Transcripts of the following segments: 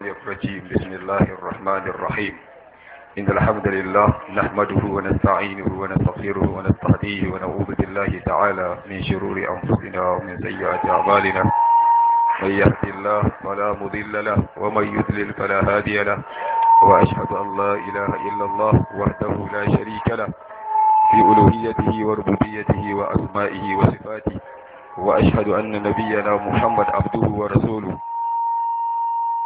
الرجيم بسم الله الرحمن الرحيم إن الحمد لله نحمده ونستعينه ونستغفره ونستهديه ونعوذ بالله تعالى من شرور أنفسنا ومن سيئات أعمالنا من يهد الله فلا مضل له ومن يضلل فلا هادي له وأشهد أن لا إله إلا الله وحده لا شريك له في ألوهيته وربوبيته وأسمائه وصفاته وأشهد أن نبينا محمد عبده ورسوله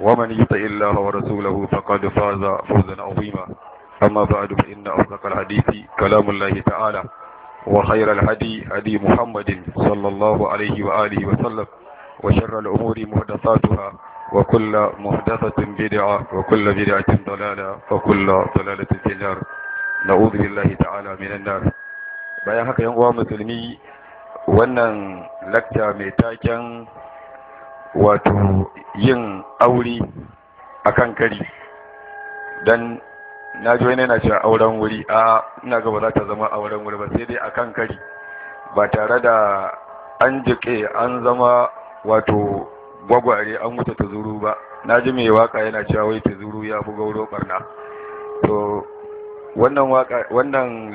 ومن يطع الله ورسوله فقد فاز فوزا عظيما أما بعد فإن أصدق الحديث كلام الله تعالى وخير الهدي هدي محمد صلى الله عليه وآله وسلم وشر الأمور محدثاتها وكل محدثة بدعة وكل بدعة ضلالة وكل ضلالة في النار نعوذ بالله تعالى من النار bayan haka yan uwa musulmi wannan lakta mai taken wato yin aure a kan kari don na ji wani yana cewa auren wuri a ina ga ba za ta zama auren wuri ba sai dai a kan kari ba tare da an jiƙe an zama wato gwagware an wuta ta zuru ba na ji mai waka yana cewa wai ta zuru ya fi gauro barna to wannan waka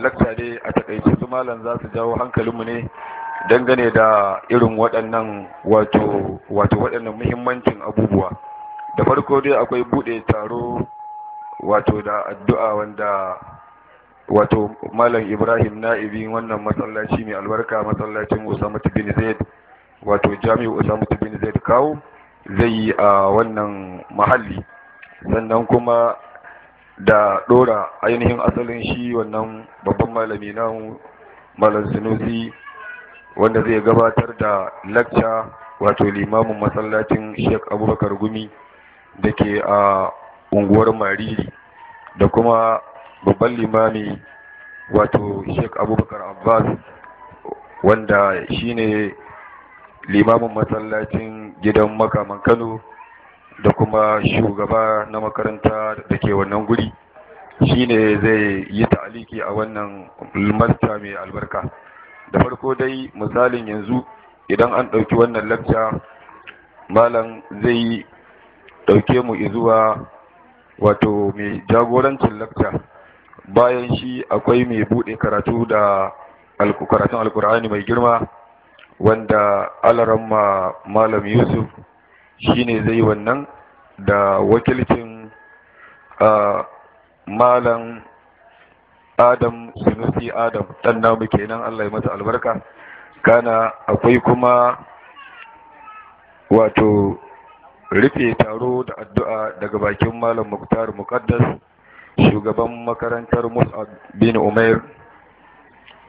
lakta dai a takaice su malam za su jawo hankalinmu ne dangane da irin waɗannan wato wato waɗannan muhimmancin abubuwa da farko dai akwai buɗe taro wato da addu'a wanda wato malam ibrahim na'ibi wannan masallaci mai albarka masallacin usama bin zaid wato jami'u usama bin zaid kawo zai yi a wannan mahalli sannan kuma da ɗora ainihin asalin shi wannan babban malami na malam sinusi wanda zai gabatar da lakca wato limamin masallacin sheik abubakar gumi da ke a unguwar mariri da kuma babban limami wato sheik abubakar abbas wanda shine limamin masallacin gidan makaman kano da kuma shugaba na makaranta da ke wannan guri shine zai yi ta'aliki a wannan masta mai albarka da farko dai misalin yanzu idan an ɗauki wannan lakca malam zai ɗauke mu zuwa wato mai jagorancin lakca bayan shi akwai mai buɗe karatu da karatun alkur'ani mai girma wanda alaramma malam yusuf shine zai yi wannan da wakilcin ah, malam adam sunusi adam dan namu kenan Allah ya masa albarka kana akwai kuma wato rufe taro da addu'a daga bakin malam muktar muqaddas shugaban makarantar mus'ab bin umair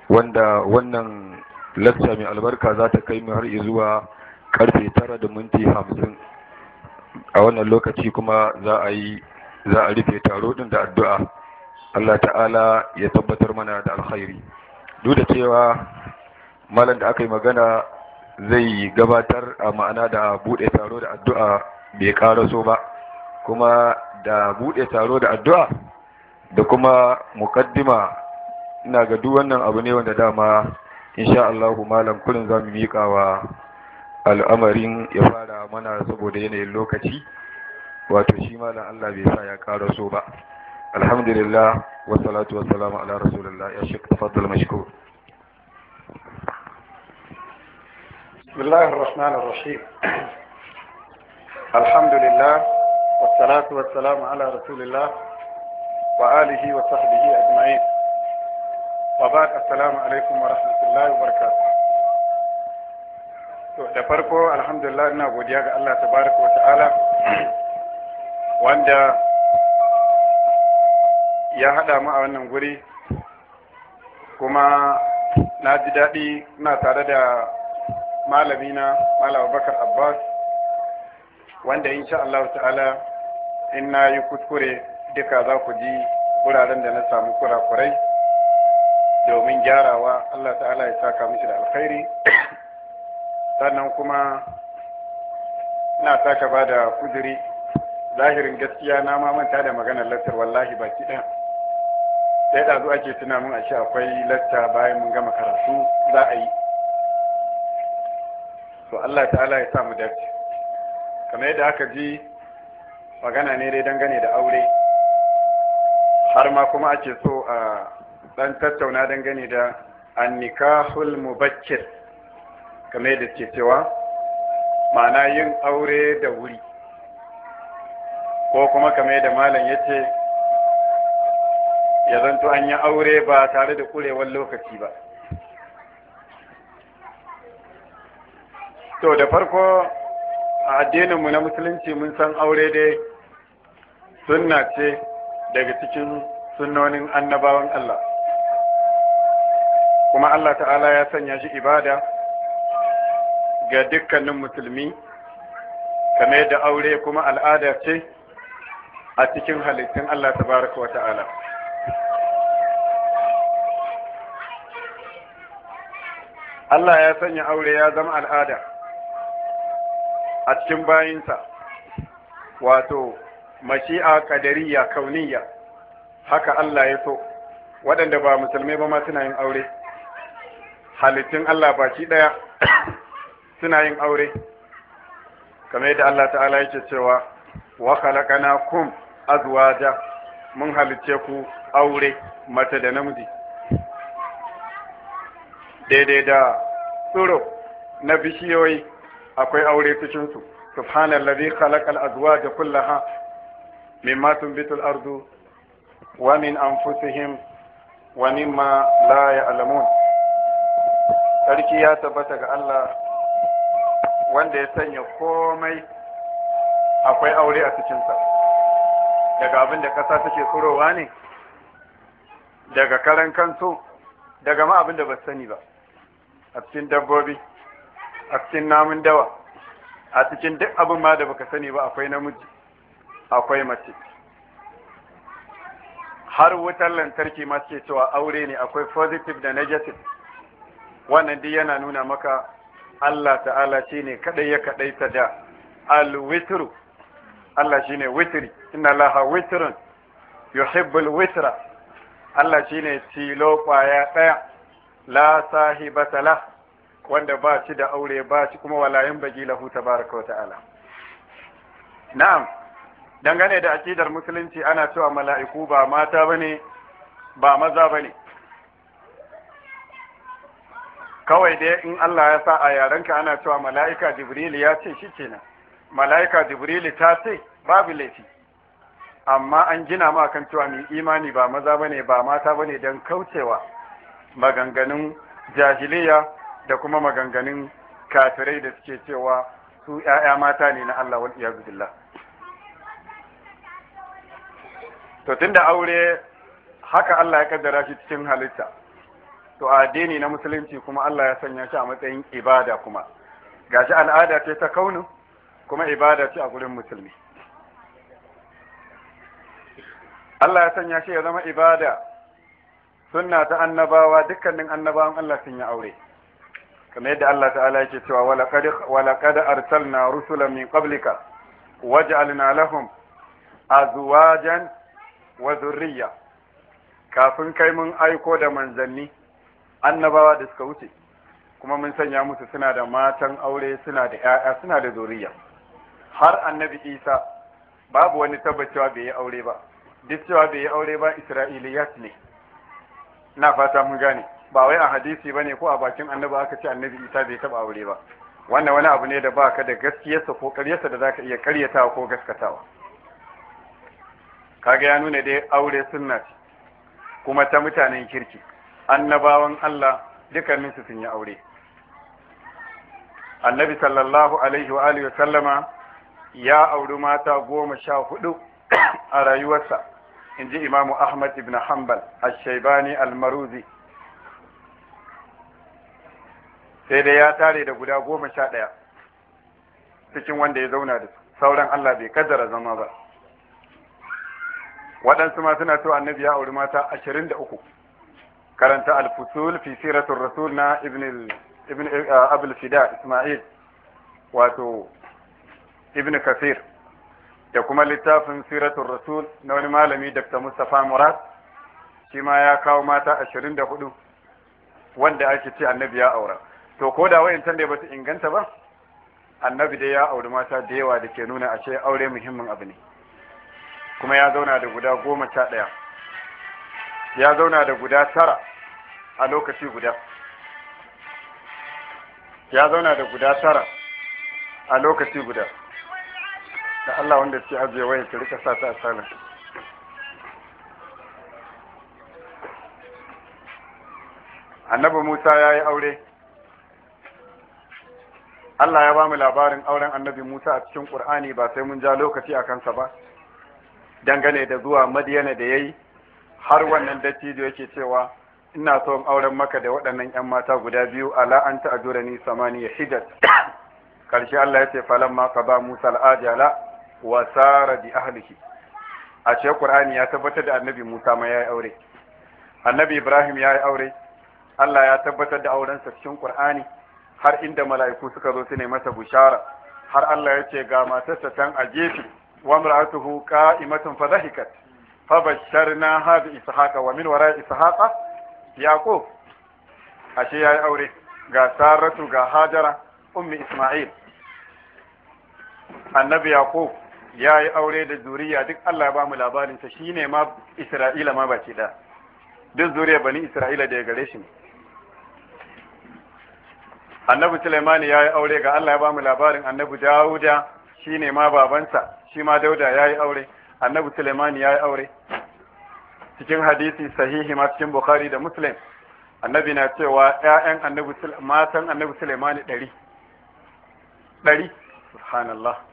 wanda wannan lacca mai albarka za ta kai mu har zuwa karfe tara da minti hamsin a wannan lokaci kuma za a yi za a rufe taro din da addu'a Allah ta'ala ya tabbatar mana da alkhairi duk da cewa malam da aka yi magana zai gabatar a ma'ana da bude, taro da addu'a bai karaso ba kuma da bude, taro da addu'a da kuma mukaddima ina ga duk wannan abu ne wanda dama insha Allah malam kullun zamu mika wa al'amarin ya fara mana saboda yanayin lokaci wato shi malam Allah bai sa ya karaso ba الحمد لله والصلاة والسلام على رسول الله يا شيخ تفضل مشكور بسم الله الرحمن الرحيم الحمد لله والصلاة والسلام على رسول الله وآله وصحبه أجمعين وبعد السلام عليكم ورحمة الله وبركاته to da farko alhamdulillah ina godiya ga Allah tabaraka wa ta'ala wanda ya haɗa mu a wannan guri kuma na ji daɗi na tare da malamina malam bakar abbas wanda insha Allah ta'ala in na yi kuskure duka za ku ji wuraren da na samu kurakurai domin gyarawa Allah ta'ala ya saka mishi da alkhairi sannan kuma na saka ba da kuduri zahirin gaskiya na mamanta da maganar lantar wallahi baki ɗaya sai ɗazu ake tuna mun ashe akwai latta bayan mun gama karatu za a yi to Allah ta'ala ya sa mu dace kamar yadda aka ji magana ne dai dangane da aure har ma kuma ake so a ɗan tattauna dangane da annikahul mubakkir kamar yadda ke cewa ma'ana yin aure da wuri ko kuma kamar yadda malam ya ce ya zanto an yi aure ba tare da kurewar lokaci ba to da farko a addininmu na musulunci mun san aure dai sunna ce daga cikin sunnonin annabawan Allah kuma Allah ta'ala ya sanya shi ibada ga dukkanin musulmi kamar da aure kuma al'ada ce a cikin halittun Allah baraka wa ta'ala Allah ya sanya aure ya zama al'ada a cikin bayinsa wato mashi'a kadariya kauniya haka Allah ya so waɗanda ba musulmai ba ma suna yin aure halittun Allah baki ɗaya suna yin aure kamar yadda Allah ta'ala yake cewa wa khalaqnakum azwaja mun halicce ku aure mace da namiji daidai da tsoro na bishiyoyi akwai aure cikin su subhanallazi khalaqal azwaja kullaha mimma tunbitul ardu wa min anfusihim wa mimma la ya'lamun sarki ya tabbata ga Allah wanda ya sanya komai akwai aure a cikinsa daga abin da ƙasa take tsorowa ne daga karan kansu daga ma abin da ba sani ba a cikin dabbobi a cikin namun dawa a cikin duk abin ma da baka sani ba akwai namiji akwai mace har wutar lantarki ma suke cewa aure ne akwai positive da negative wannan duk yana nuna maka Allah ta'ala shi ne kaɗai ya ta da alwitru Allah shi ne witri inna laha witrun yuhibbul witra Allah shi ne tilo ƙwaya ɗaya la sahibata la wanda ba shi da aure ba shi kuma walayen bagi lahu tabaraka wa ta'ala na'am dangane da akidar musulunci ana cewa mala'iku ba mata bane ba maza bane kawai dai in Allah ya sa a yarenka ana cewa mala'ika jibril ya ce shi kenan mala'ika jibril ta ce babu laifi amma an gina ma kan cewa mai imani ba maza bane ba mata bane dan kaucewa maganganun jahiliya da kuma maganganun kafirai da suke cewa su ‘ya'ya mata ne na Allah wal iyazu To to da aure haka Allah ya kaddara shi cikin halitta to addini na musulunci kuma Allah ya sanya shi a matsayin ibada kuma gashi al'ada ce ta kaunin kuma ibada ce a gurin musulmi Allah ya sanya shi ya zama ibada sunna ta annabawa dukkanin annabawan Allah sun yi aure kamar yadda Allah ta'ala yake cewa wala qad arsalna rusulan min qablika waj'alna lahum azwajan wa dhurriyya kafin kai mun aiko da manzanni annabawa da suka wuce kuma mun sanya musu suna da matan aure suna da ƴaƴa suna da zuriya har annabi Isa babu wani tabbacewa bai yi aure ba duk cewa bai yi aure ba Isra'iliyat ne Na fata mun gane ba wai a hadisi ne ko a bakin annabi aka ce annabi isa bai taba aure ba wannan wani abu ne da baka da gaskiyarsa ko karyarsa da za ka iya karyatawa ko gaskatawa kaga ya nuna dai aure sunna ce kuma ta mutanen kirki annabawan Allah dukkaninsu sun yi aure annabi sallallahu alaihi wa alihi sallama ya auri mata goma sha hudu a rayuwarsa in ji imamu ahmad ibn hanbal al-shaibani al-maruzi sai dai ya tare da guda goma sha ɗaya cikin wanda ya zauna da sauran Allah bai kaddara zama ba waɗansu ma suna to annabi ya auri mata ashirin da uku karanta al-fusul fi siratul rasul na ibn eh, abul fida isma'il wato ibn kasir da kuma littafin siratul rasul na wani malami dr mustapha murad shi ma ya kawo mata ashirin da hudu wanda ake ce annabi ya aura to ko da wayancan da ba su inganta ba annabi dai ya auri mata da yawa da ke nuna a ce aure muhimmin abu ne kuma ya zauna da guda goma sha ɗaya ya zauna da guda tara a lokaci guda ya zauna da guda tara a lokaci guda da Allah wanda ke aje waya ki rika sa a sana annabi Musa ya yi aure Allah ya ba mu labarin auren annabi Musa a cikin Ƙur'ani ba sai mun ja lokaci a kansa ba dangane da zuwa Madiyana da yayi har wannan dattijo yake cewa ina so auren maka da waɗannan 'yan mata guda biyu ala an ta'ajurani samaniya hidat karshe Allah ya ce falamma ba, Musa al-ajala wa sara bi ahlihi a ce qur'ani ya tabbatar da annabi musa ma yayi aure annabi ibrahim yayi aure Allah ya tabbatar da auren sa cikin qur'ani har inda mala'iku suka zo su ne masa bushara har Allah ya ce ga matarsa tan a gefe wa mar'atuhu qa'imatun fa dhahikat fa basharna bi ishaqa wa min wara'i ishaqa yaqub ashe yayi aure ga saratu ga hajara ummi isma'il annabi yaqub ya yi aure da zuriya duk Allah ya ba mu labarinsa shi ne ma Isra'ila ma baki da duk zuriya bani Isra'ila da ya gare shi ne annabi Sulaimani ya yi aure ga Allah ya ba mu labarin annabi Dawuda shi ne ma babansa shi ma Dauda ya yi aure annabi Sulaimani ya yi aure cikin hadisi sahihi ma cikin Bukhari da Muslim annabi na cewa ƴaƴan annabi matan annabi Sulaimani 100 100 subhanallah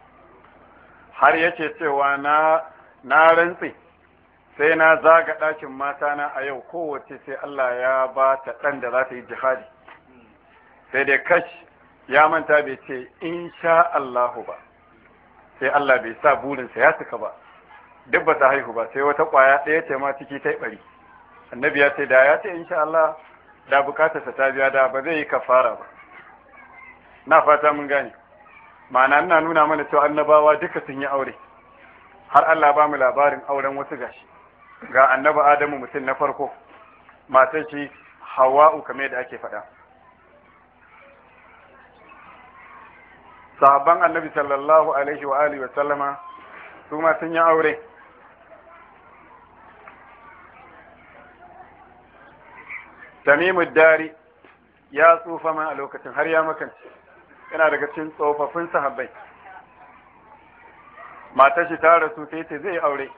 har yake cewa na na rantse sai na zaga ɗakin matana a yau kowace sai Allah ya ba ta ɗan da za ta yi jihadi sai dai kash ya manta bai ce in sha Allahu ba sai Allah bai sa burinsa ya suka ba duk ba ta haihu ba sai wata ƙwaya ɗaya ce ma ciki ta ɓari annabi ya ce da ya ce insha Allah da bukatarsa ta biya da ba zai yi kafara ba na fata mun gane ma'ana ina nuna mana cewa annabawa duka sun yi aure har Allah ba mu labarin auren wasu gashi ga annabi Adamu mutum na farko matan shi hawa'u kamar yadda ake faɗa sahabban annabi sallallahu alaihi wa alihi wa sallama su ma sun yi aure tamimu dari ya tsufa ma a lokacin har ya makance yana daga cikin tsofaffin sahabbai matar shi ta rasu sai ta zai aure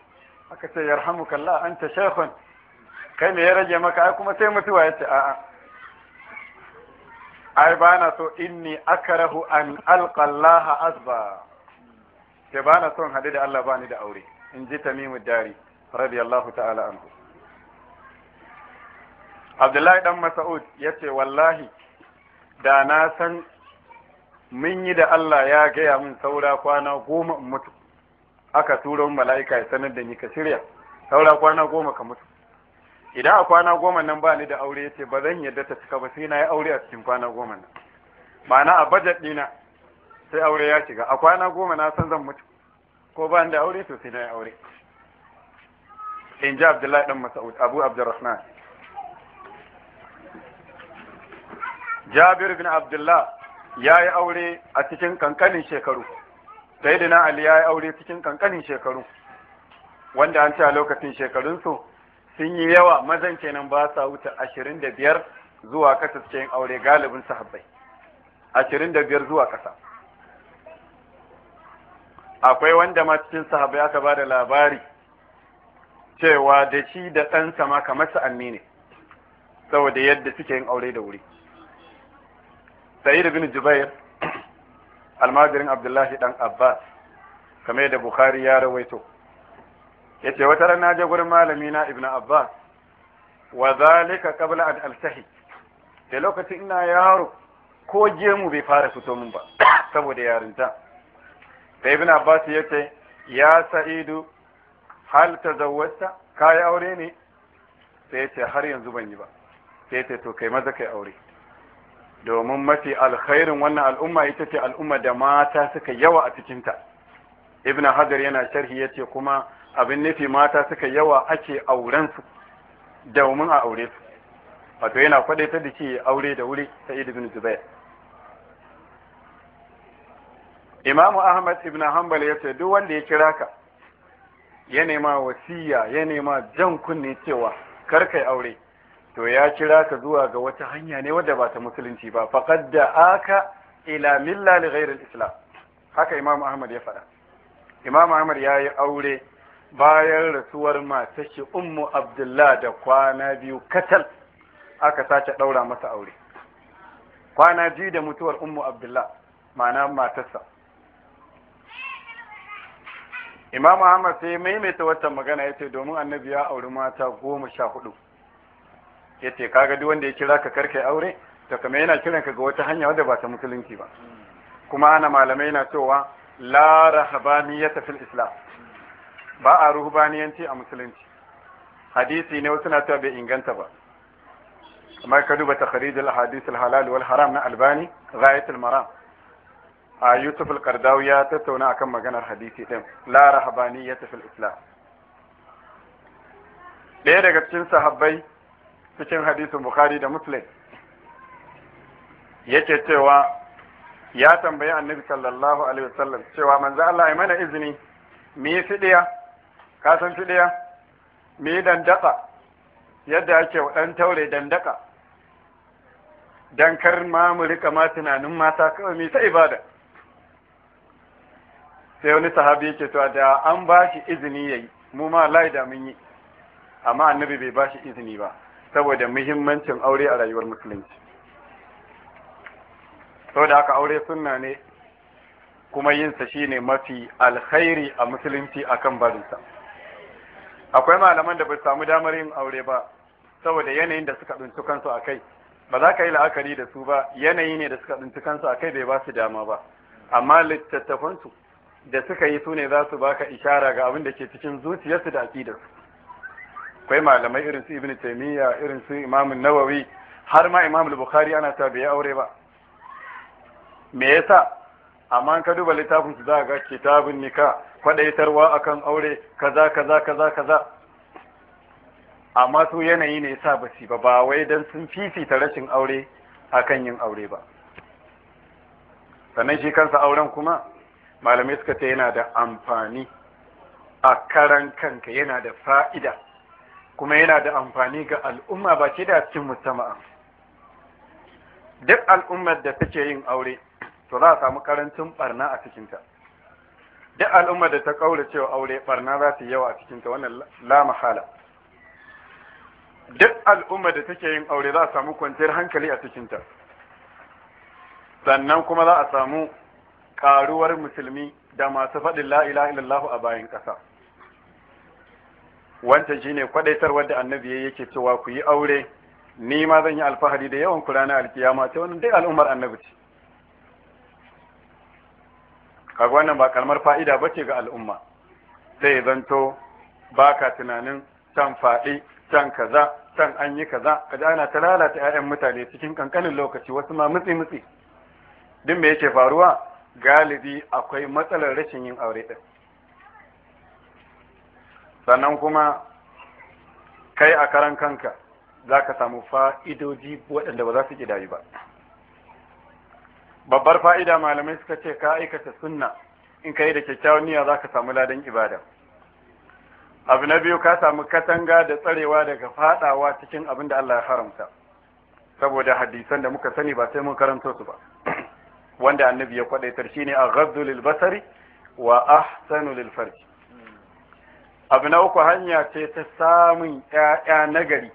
aka ce an anta shaykhun kai me ya rage maka ai kuma sai mutuwa yace a'a ai ba na so inni akrahu an alqa Allah asba ke ba son hadu da Allah bani da aure in ji tamimu dari radiyallahu ta'ala anhu Abdullahi dan Mas'ud yace wallahi da na san mun yi da Allah ya gaya min saura kwana goma in mutu aka turo mala'ika ya sanar da ni ka shirya saura kwana goma ka mutu idan a kwana goma nan ba ni da aure yace ba zan yadda ta cika ba sai na yi aure a cikin kwana goma nan ma'ana a budget dina sai aure ya shiga a kwana goma na san zan mutu ko ba ni da aure to sai na yi aure in ji Abdullahi dan Mas'ud Abu Abdurrahman Jabir bin Abdullah ya yi aure a cikin kankanin shekaru sayyidina ali ya yi aure cikin kankanin shekaru wanda an ce a lokacin shekarunsu sun yi yawa mazan kenan ba sa wuce ashirin da biyar zuwa kasa suke aure galibin sahabbai ashirin da biyar zuwa kasa. akwai wanda ma cikin sahabbai aka ba da labari cewa da shi da ɗansa ma kamar sa'anni ne saboda yadda suke yin aure da wuri Sa'idu bin jubair almajirin abdullahi dan abbas kamar da bukhari ya rawaito yace wata rana naje gurin malami na ibnu abbas wa zalika qabla an altahi da lokacin ina yaro ko mu bai fara fito min ba saboda yarinta sai ibnu abbas yace ya sa'idu hal tazawwata kai aure ne sai yace har yanzu ban yi ba sai to kai maza kai aure domin mafi alkhairin wannan al'umma ita ce al'umma da mata suka yawa a cikinta ibn hajar yana sharhi ya ce kuma abin nufi mata suka yawa ake aurensu domin a aure su wato yana kwaɗe ta da aure da wuri sa'id ibn zubair imamu ahmad ibn hanbal ya ce duk wanda ya kira ka ya nema wasiya ya nema jan kunne cewa kar kai aure to ya kira ka zuwa ga wata hanya ne wadda ba ta musulunci ba faqad aka ila milla li ghairi islam haka imam ahmad ya faɗa imam ahmad ya yi aure bayan rasuwar matar shi ummu abdullah da kwana biyu katal aka sace ɗaura masa aure kwana biyu da mutuwar ummu abdullah ma'ana matarsa imam ahmad sai maimaita wata magana ya ce domin annabi ya auri mata goma sha hudu yace kaga duk wanda ya kira ka karka aure to kuma yana kiran ka ga wata hanya wadda ba ta musulunci ba kuma ana malamai na cewa la rahabaniyata fil islam ba a ruhbaniyanci a musulunci hadisi ne wasu na ta bai inganta ba kamar ka duba takharijul hadis al halal wal haram na albani al maram a yusuf al qardawi ya tattauna akan maganar hadisi din la rahabaniyata fil islam ɗaya daga cikin sahabbai cikin hadisin bukhari da muslim yake cewa ya tambayi annabi sallallahu alaihi wasallam cewa manzo Allah ya mana izini mu yi fidiya ka san fidiya mu yi dandaka yadda ake dan taure dandaka dan kar ma mu rika ma tunanin mata kawai mu ta ibada sai wani sahabi yake cewa da an ba shi izini yayi mu ma lai da mun yi amma annabi bai ba shi izini ba saboda muhimmancin aure a rayuwar musulunci saboda aka aure suna ne kuma yinsa shine mafi alkhairi a musulunci akan barinsa akwai malaman da ba samu damar yin aure ba saboda yanayin da suka tsinci kansu a kai ba za ka yi la'akari da su ba yanayi ne da suka tsinci kansu a kai bai ba su dama ba amma littattafansu da suka yi su ne za su baka ishara ga abin da ke cikin zuciyarsu da aƙidarsu akwai malamai irin su ibn taymiya irin su imam nawawi har ma imam bukhari ana ta bai aure ba me yasa amma ka duba littafin su za ga kitabun nika kwadaitarwa akan aure kaza kaza kaza kaza amma su yanayi ne yasa ba ba ba wai dan sun fifita rashin aure akan yin aure ba sannan shi kansa auren kuma malamai suka ce yana da amfani a karan kanka yana da fa'ida kuma yana da amfani ga al'umma ba ke da cikin mujtama'a duk al'ummar da take yin aure to za a samu karancin barna a cikinta duk al'ummar da ta kaura cewa aure barna za su yi yawa a cikinta wannan la mahala duk al'ummar da take yin aure za a samu kwanciyar hankali a cikinta sannan kuma za a samu karuwar musulmi da masu faɗin la ilaha illallah a bayan ƙasa wanta shine kwadaitar wanda annabi ya yake cewa ku yi aure ni ma zan yi alfahari da yawan kula na alkiyama ta wani dai al'ummar annabi ce kaga wannan ba kalmar fa'ida ba ce ga al'umma sai zanto baka tunanin can faɗi can kaza can an yi kaza ji ana ta lalata 'ya'yan mutane cikin kankanin lokaci wasu ma mutsi mutsi duk me yake faruwa galibi akwai matsalar rashin yin aure ɗin. sannan kuma kai a karan kanka za ka samu fa'idoji waɗanda ba za su ƙidayi ba babbar fa'ida malamai suka ce ka aikata sunna in ka yi da kyakkyawan niyya za ka samu ladan ibada abu na biyu ka samu katanga da tsarewa daga faɗawa cikin abin da Allah ya haramta saboda hadisan da muka sani ba sai mun karanto su ba wanda annabi ya kwadaitar shine a ghaddu lil wa ahsanu lil farji abu na uku hanya ce ta samun ‘ya'ya nagari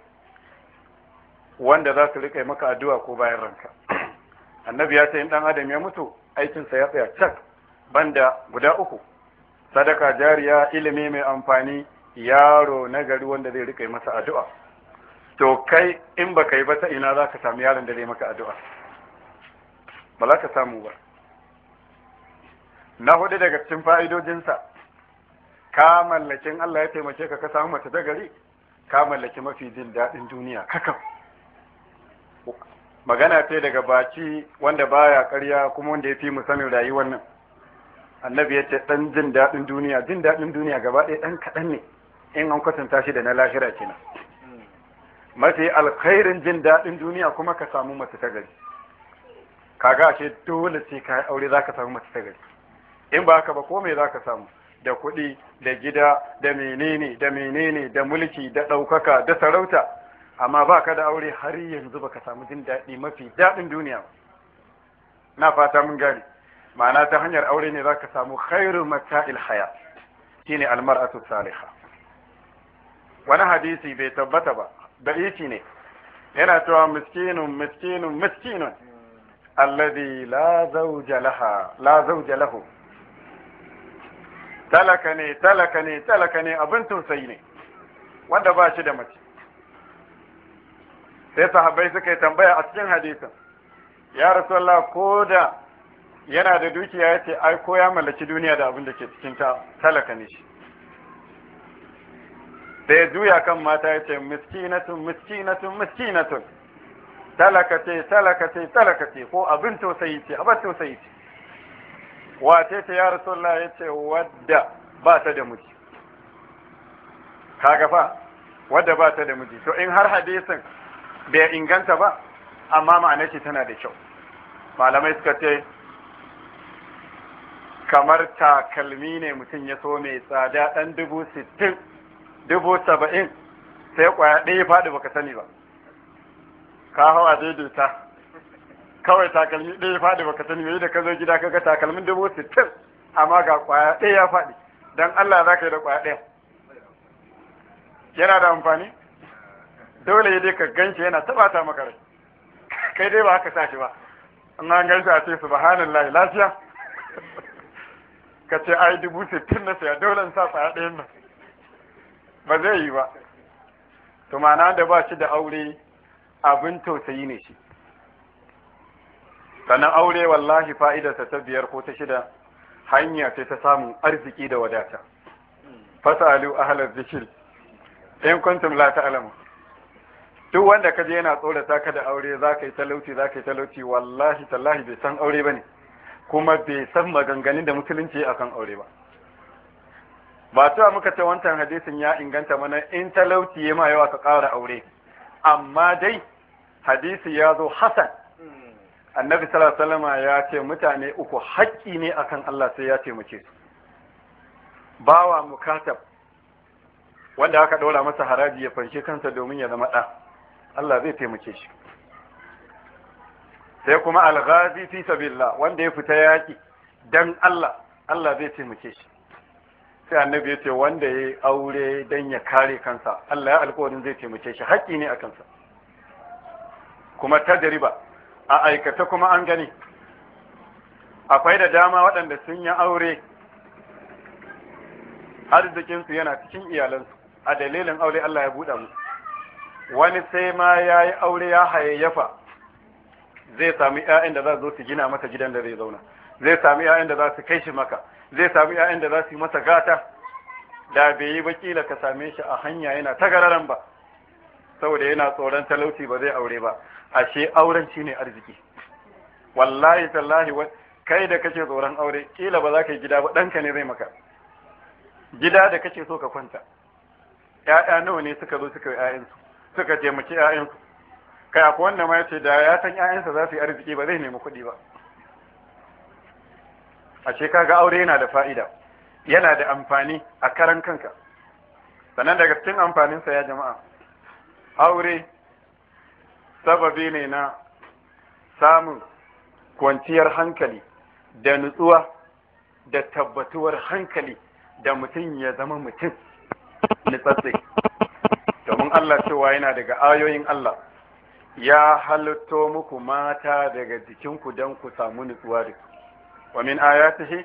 wanda za su riƙe maka addu'a ko bayan ranka annabi ya ce in dan adam ya mutu aikinsa ya tsaya cak banda guda uku sadaka jariya ilimi mai amfani yaro nagari wanda zai riƙe masa addu'a to kai in ba kai yi ba ta ina za ka samu yaron da zai maka addu'a ba za ka samu ba na hudu daga cikin fa'idojinsa ka mallakin Allah ya taimake ka ka samu mace dagari gari ka mallaki mafi jin daɗin duniya kakam magana ce daga baki wanda baya ƙarya kuma wanda ya fi mu sanin rayuwar nan annabi ya ce ɗan jin daɗin duniya jin daɗin duniya gaba ɗaya ɗan kaɗan ne in an kwatanta shi da na lahira kenan mafi alkhairin jin daɗin duniya kuma ka samu mace ta gari kaga ashe dole sai ka aure zaka samu mace ta gari in ba haka ba ko me zaka samu da kuɗi da gida da menene da menene da mulki da ɗaukaka da sarauta amma ba ka da aure har yanzu ba ka samu jin daɗi mafi daɗin duniya na fata mun gane ma'ana ta hanyar aure ne za ka samu khairu mata'il haya Almar almar'atu Saliha. wani hadisi bai tabbata ba da iki ne yana cewa miskinun miskinun miskinun alladhi la zawja laha la zawja lahu talaka ne talaka ne talaka ne abin tausayi ne wanda ba shi da mace sai sahabbai suka yi tambaya a cikin hadisin ya rasuwa ko da yana da dukiya ya ce ai ko ya mallaki duniya da abin da ke cikin ta talaka ne shi sai juya kan mata ya ce miskinatun miskinatun miskinatun talaka ce talaka ce talaka ce ko abin tausayi ce abin tausayi ce wace ce ya rasulullah ya ce wadda ba ta da miji kaga fa wadda ba ta da miji to in har hadisin bai inganta ba amma ma'anar shi tana da kyau malamai suka ce kamar takalmi ne mutum ya so mai tsada ɗan dubu sittin dubu saba'in sai kwaya ɗaya faɗi baka sani ba ka hawa daidaita kawai takalmi ɗaya ya faɗi baka sani yayi da ka zo gida ka ga takalmin dubu sittin amma ga kwaya ɗaya ya faɗi dan Allah za ka yi da kwaya ɗaya yana da amfani dole ya dai ka ganshi yana tabata maka rai kai dai ba haka sa shi ba in an ganshi a ce subhanallahi lafiya ka ce ai dubu sittin na saya dole in sa kwaya ɗayan nan ba zai yi ba to ma'ana da ba shi da aure abin tausayi ne shi sannan aure wallahi fa'idarsa ta biyar ko ta shida hanya ce ta samun arziki da wadata fasalu ahlar zikir in kuntum la ta'lamu duk wanda kaje yana tsorata ka da aure zaka yi talauci zaka yi talauci wallahi tallahi bai san aure bane kuma bai san maganganun da musulunci akan aure ba ba ta muka ce wancan hadisin ya inganta mana in talauci ya ma yawa ka ƙara aure amma dai hadisi ya zo hasan annabi sallallahu alaihi wasallam ya ce mutane uku haƙƙi ne akan Allah sai ya taimake su bawa mukatab wanda aka ɗora masa haraji ya fanshe kansa domin ya zama ɗa Allah zai taimake shi sai kuma alghazi fi sabilillah wanda ya fita yaƙi dan Allah Allah zai taimake shi sai annabi ya ce wanda ya aure dan ya kare kansa Allah ya alƙawarin zai taimake shi haƙƙi ne a kansa kuma tajriba a aikata kuma an gani akwai da dama waɗanda sun yi aure arzikinsu yana cikin iyalansu a dalilin aure Allah ya buɗa mu wani sai ma ya yi aure ya hayayyafa zai sami 'ya'yan da za su zo su gina masa gidan da zai zauna zai sami 'ya'yan da za su kai shi maka zai sami 'ya'yan da za su yi masa gata da bai yi bakila ka same shi a hanya yana ta tagararan ba saboda yana tsoron talauci ba zai aure ba ashe auren shine arziki wallahi tallahi kai da kake tsoron aure kila ba za ka yi gida ba ɗanka ne zai maka gida da kake so ka kwanta ‘ya'ya nawa ne suka zo suka yi ‘ya'yansu suka taimaki ‘ya'yansu kai akwai wanda ma yace da ya san ƴaƴansa za su yi arziki ba zai nemi kuɗi ba ashe kaga aure yana da fa'ida yana da amfani a karan kanka sannan daga cikin amfaninsa ya jama'a aure sababi ne na samun kwanciyar hankali da nutsuwa da tabbatuwar hankali da mutum ya zama mutum nitsatse domin Allah cewa yana daga ayoyin Allah ya halitto muku mata daga jikinku don ku samu nutsuwa da su wa min ayatihi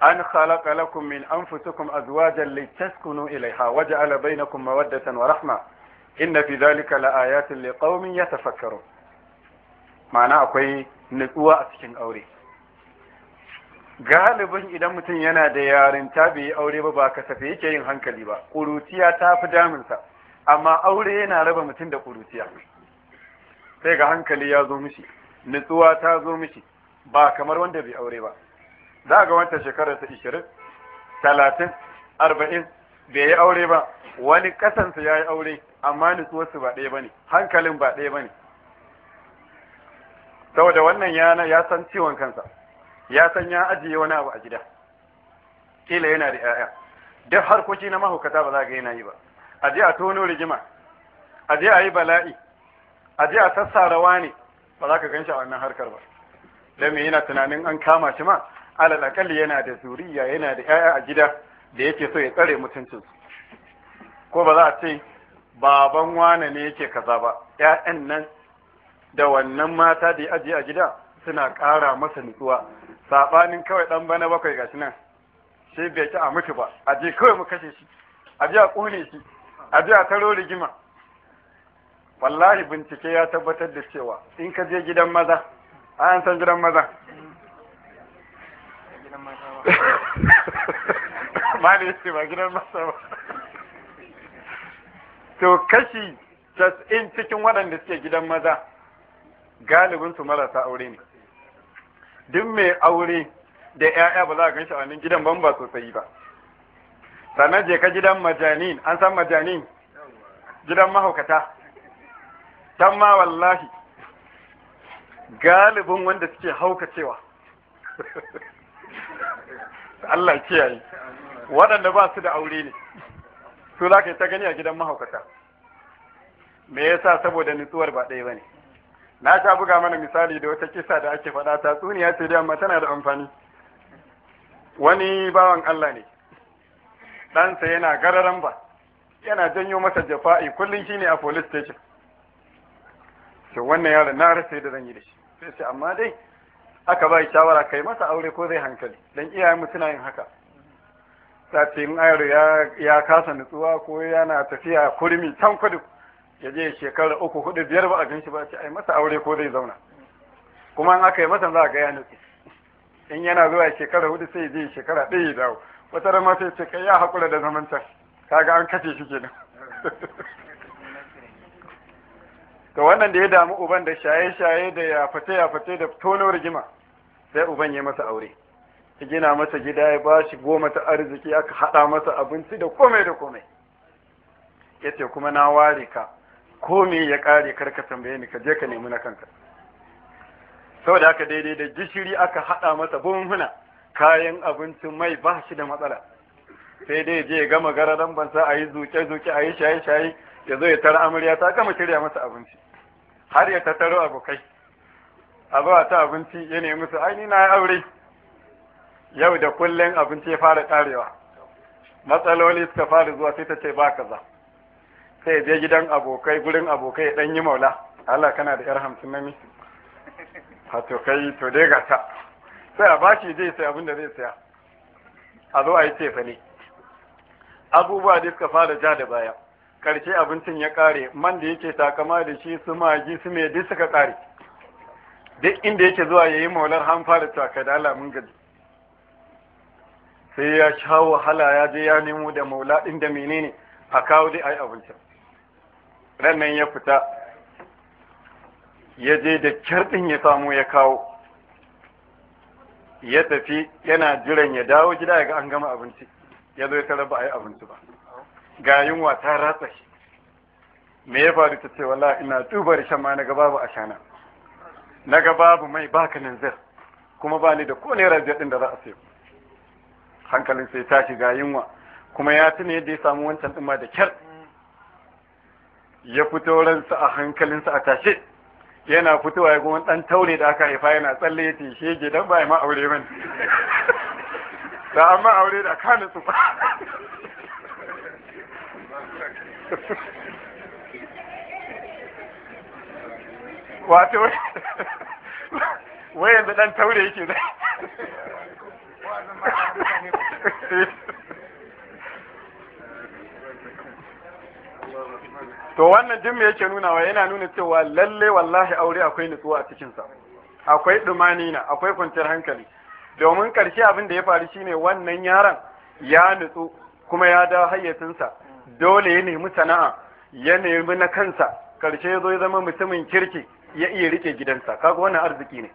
an khalaqa lakum min anfusikum azwajan litaskunu ilaiha waja'ala bainakum mawaddatan wa rahma inna fi zalika la'ayatin liqaumin yatafakkaru ma'ana akwai nutsuwa a cikin aure galibin idan mutum yana da yarinta bai yi aure ba ba kasafe yake yin hankali ba ƙuruciya ta fi daminsa amma aure yana raba mutum da ƙuruciya sai ga hankali ya zo mishi nutsuwa ta zo mishi ba kamar wanda bai aure ba za ga wanta shekararsa ishirin talatin arba'in bai yi aure ba wani kasansa ya yi aure amma nutsuwarsu ba ɗaya ba ne hankalin ba ɗaya ba ne saboda wannan yana ya san ciwon kansa ya san ya ajiye wani abu a gida kila yana da 'ya'ya duk harkoki na mahaukata ba za ga yana yi ba a je a tono rigima a je a yi bala'i a je a sassara wani ba za ka gan shi a wannan harkar ba don yana tunanin an kama shi ma alal akalli yana da zuriya yana da 'ya'ya a gida da yake so ya tsare mutuncinsu ko ba za a ce baban wane ne yake kaza ba ƴaƴan nan da wannan mata da ya ajiye a gida suna ƙara masa nutsuwa saɓanin kawai ɗan bana bakwai gashi nan sai bai ci a mutu ba a je kawai mu kashe shi a je a ƙone shi a je a taro rigima wallahi bincike ya tabbatar da cewa in ka je gidan maza an san gidan maza ma ne ba gidan maza ba to kashi tas'in cikin waɗanda suke gidan maza galibin su marasa aure ne duk mai aure da 'ya'ya ba za a ganshi a wannan gidan ban ba sosai ba sannan je ka gidan majanin an san majanin gidan mahaukata can ma wallahi galibin wanda suke haukacewa Allah kiyaye waɗanda ba su da aure ne su za ka yi ta gani a gidan mahaukata me yasa saboda nutsuwar ba ɗaya bane na sha buga mana misali da wata kisa da ake faɗa ta tsuniya ce dai amma tana da amfani wani bawan Allah ne ɗansa yana gararan ba yana janyo masa jafa'i kullum ne a police station to wannan yaron na rasa da zan yi da shi sai amma dai aka bai shawara kai masa aure ko zai hankali dan iyayen mu suna yin haka satin ayar ya kasa nutsuwa ko yana tafiya kurmi can kudu ya je shekara uku hudu biyar ba a ganshi ba ce ai masa aure ko zai zauna kuma an aka yi masa za a ga ya nutsu in yana zuwa shekara hudu sai je shekara ɗaya ya dawo wata rama sai ce kai ya haƙura da zaman can kaga an kace shi kenan to wannan da ya damu uban da shaye-shaye da ya fate ya fate da tono rigima sai uban ya masa aure ya gina masa gida ya ba shi goma ta arziki aka haɗa masa abinci da komai da komai ya ce kuma na ware ka ko ya ƙare karka tambaye ni ka je ka nemi na kanka Sau da haka daidai da gishiri aka haɗa masa buhunhuna kayan abincin mai ba shi da matsala sai dai je ya gama gararan bansa a yi zuke-zuke a yi shaye-shaye ya zo ya tara amarya ta gama shirya masa abinci har ya tattaro abokai a ba ta abinci ya nemi su ai ni na yi aure yau da kullum abinci ya fara karewa matsaloli suka fara zuwa sai ta ce ba kaza sai je gidan abokai gurin abokai dan yi maula Allah kana da yar hamsin na miki a to kai to dai ga ta sai a bashi zai sai abin da zai saya a zo a yi tefa ne abubuwa da suka fara ja da baya karshe abincin ya kare man da yake takama da shi su magi su me duk suka kare duk inda yake zuwa yayi maular han fara tsaka da Allah mun gaji sai ya sha wahala ya je ya nemo da maula ɗin da menene a kawo dai ai abincin ran ya fita ya je da kyar ɗin ya samu ya kawo ya tafi yana jiran ya dawo gida ya ga an gama abinci ya zo ya tarar ba a yi abinci ba ga yunwa ta ratsa shi me ya faru ta ce wala ina tubar shan ma na ga babu ashana na ga babu mai baka nan zai kuma ba ni da ko ne biyar ɗin da za a sayo hankalin sai ta shiga yunwa kuma ya tuna yadda ya samu wancan ɗin da kyar ya fito ransa a hankalinsa a tashe yana fitowa ya goma ɗan taure da aka haifa yana tsalle ya ce shege dan ba ma aure ba da an ma aure da ka nutsu wato wai yanzu ɗan taure yake da to wannan jin yake nunawa yana nuna cewa lalle wallahi aure akwai nutsuwa a cikinsa akwai na, akwai kwanciyar hankali domin ƙarshe abin da ya faru shine wannan yaron ya nutsu kuma ya da hayyacinsa dole ya nemi sana'a ya nemi na kansa ƙarshe ya zo ya zama mutumin kirki ya iya rike gidansa kaga wannan arziki ne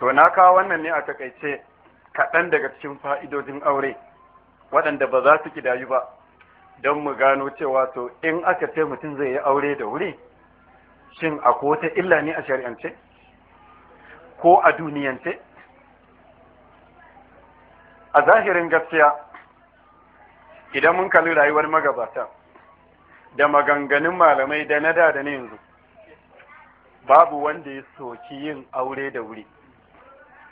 to na kawo wannan ne a takaice kaɗan daga cikin fa'idodin aure waɗanda ba za su kidayu ba don mu gano cewa to in aka ce mutum zai yi aure da wuri shin akwai wata illa ne a shari'ance ko a duniyance a zahirin gaskiya idan mun kalli rayuwar magabata da maganganun malamai da na da da na yanzu babu wanda ya soki yin aure da wuri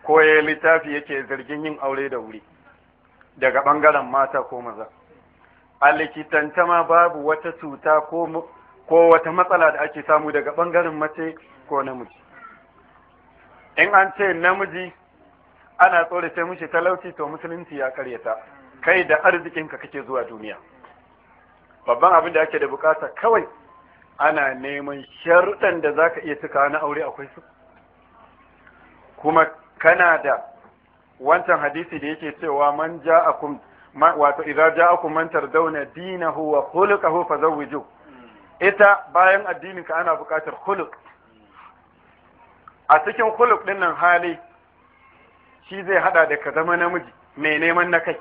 ko ya littafi yake zargin yin aure da wuri daga ɓangaren mata ko maza a likitanta ma babu wata cuta ko wata matsala da ake samu daga ɓangaren mace ko namiji in an ce namiji ana tsore sai mushi talauci to musulunci ya karyata kai da arzikinka kake zuwa duniya babban abin da ake da bukata kawai ana neman sharuɗan da za ka iya cika na aure akwai su kuma kana da wancan hadisi da yake cewa man ja'akum wato idza ja'akum man tardawna dinahu wa khuluquhu fazawwiju ita bayan addinin ka ana buƙatar khuluq a cikin khuluq din nan hali shi zai hada da ka zama namiji mai neman na kai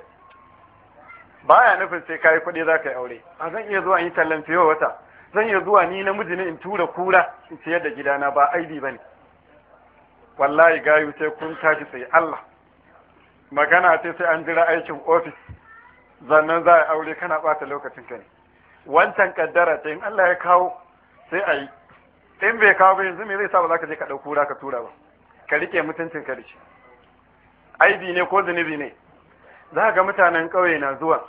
baya nufin sai kai kuɗi za ka yi aure a zan iya zuwa yi tallan fiye wata zan iya zuwa ni namiji ne in tura kura in ciyar da gidana ba aibi ba ne wallahi gayu sai kun tashi sai Allah magana ce sai an jira aikin ofis zannan za a aure kana bata lokacin ka ne wancan kaddara ta in Allah ya kawo sai a yi in bai kawo ba yanzu me zai sa ba za ka je ka ɗauko kura ka tura ba ka rike mutuncin ka rike aibi ne ko zunubi ne za ga mutanen ƙauye na zuwa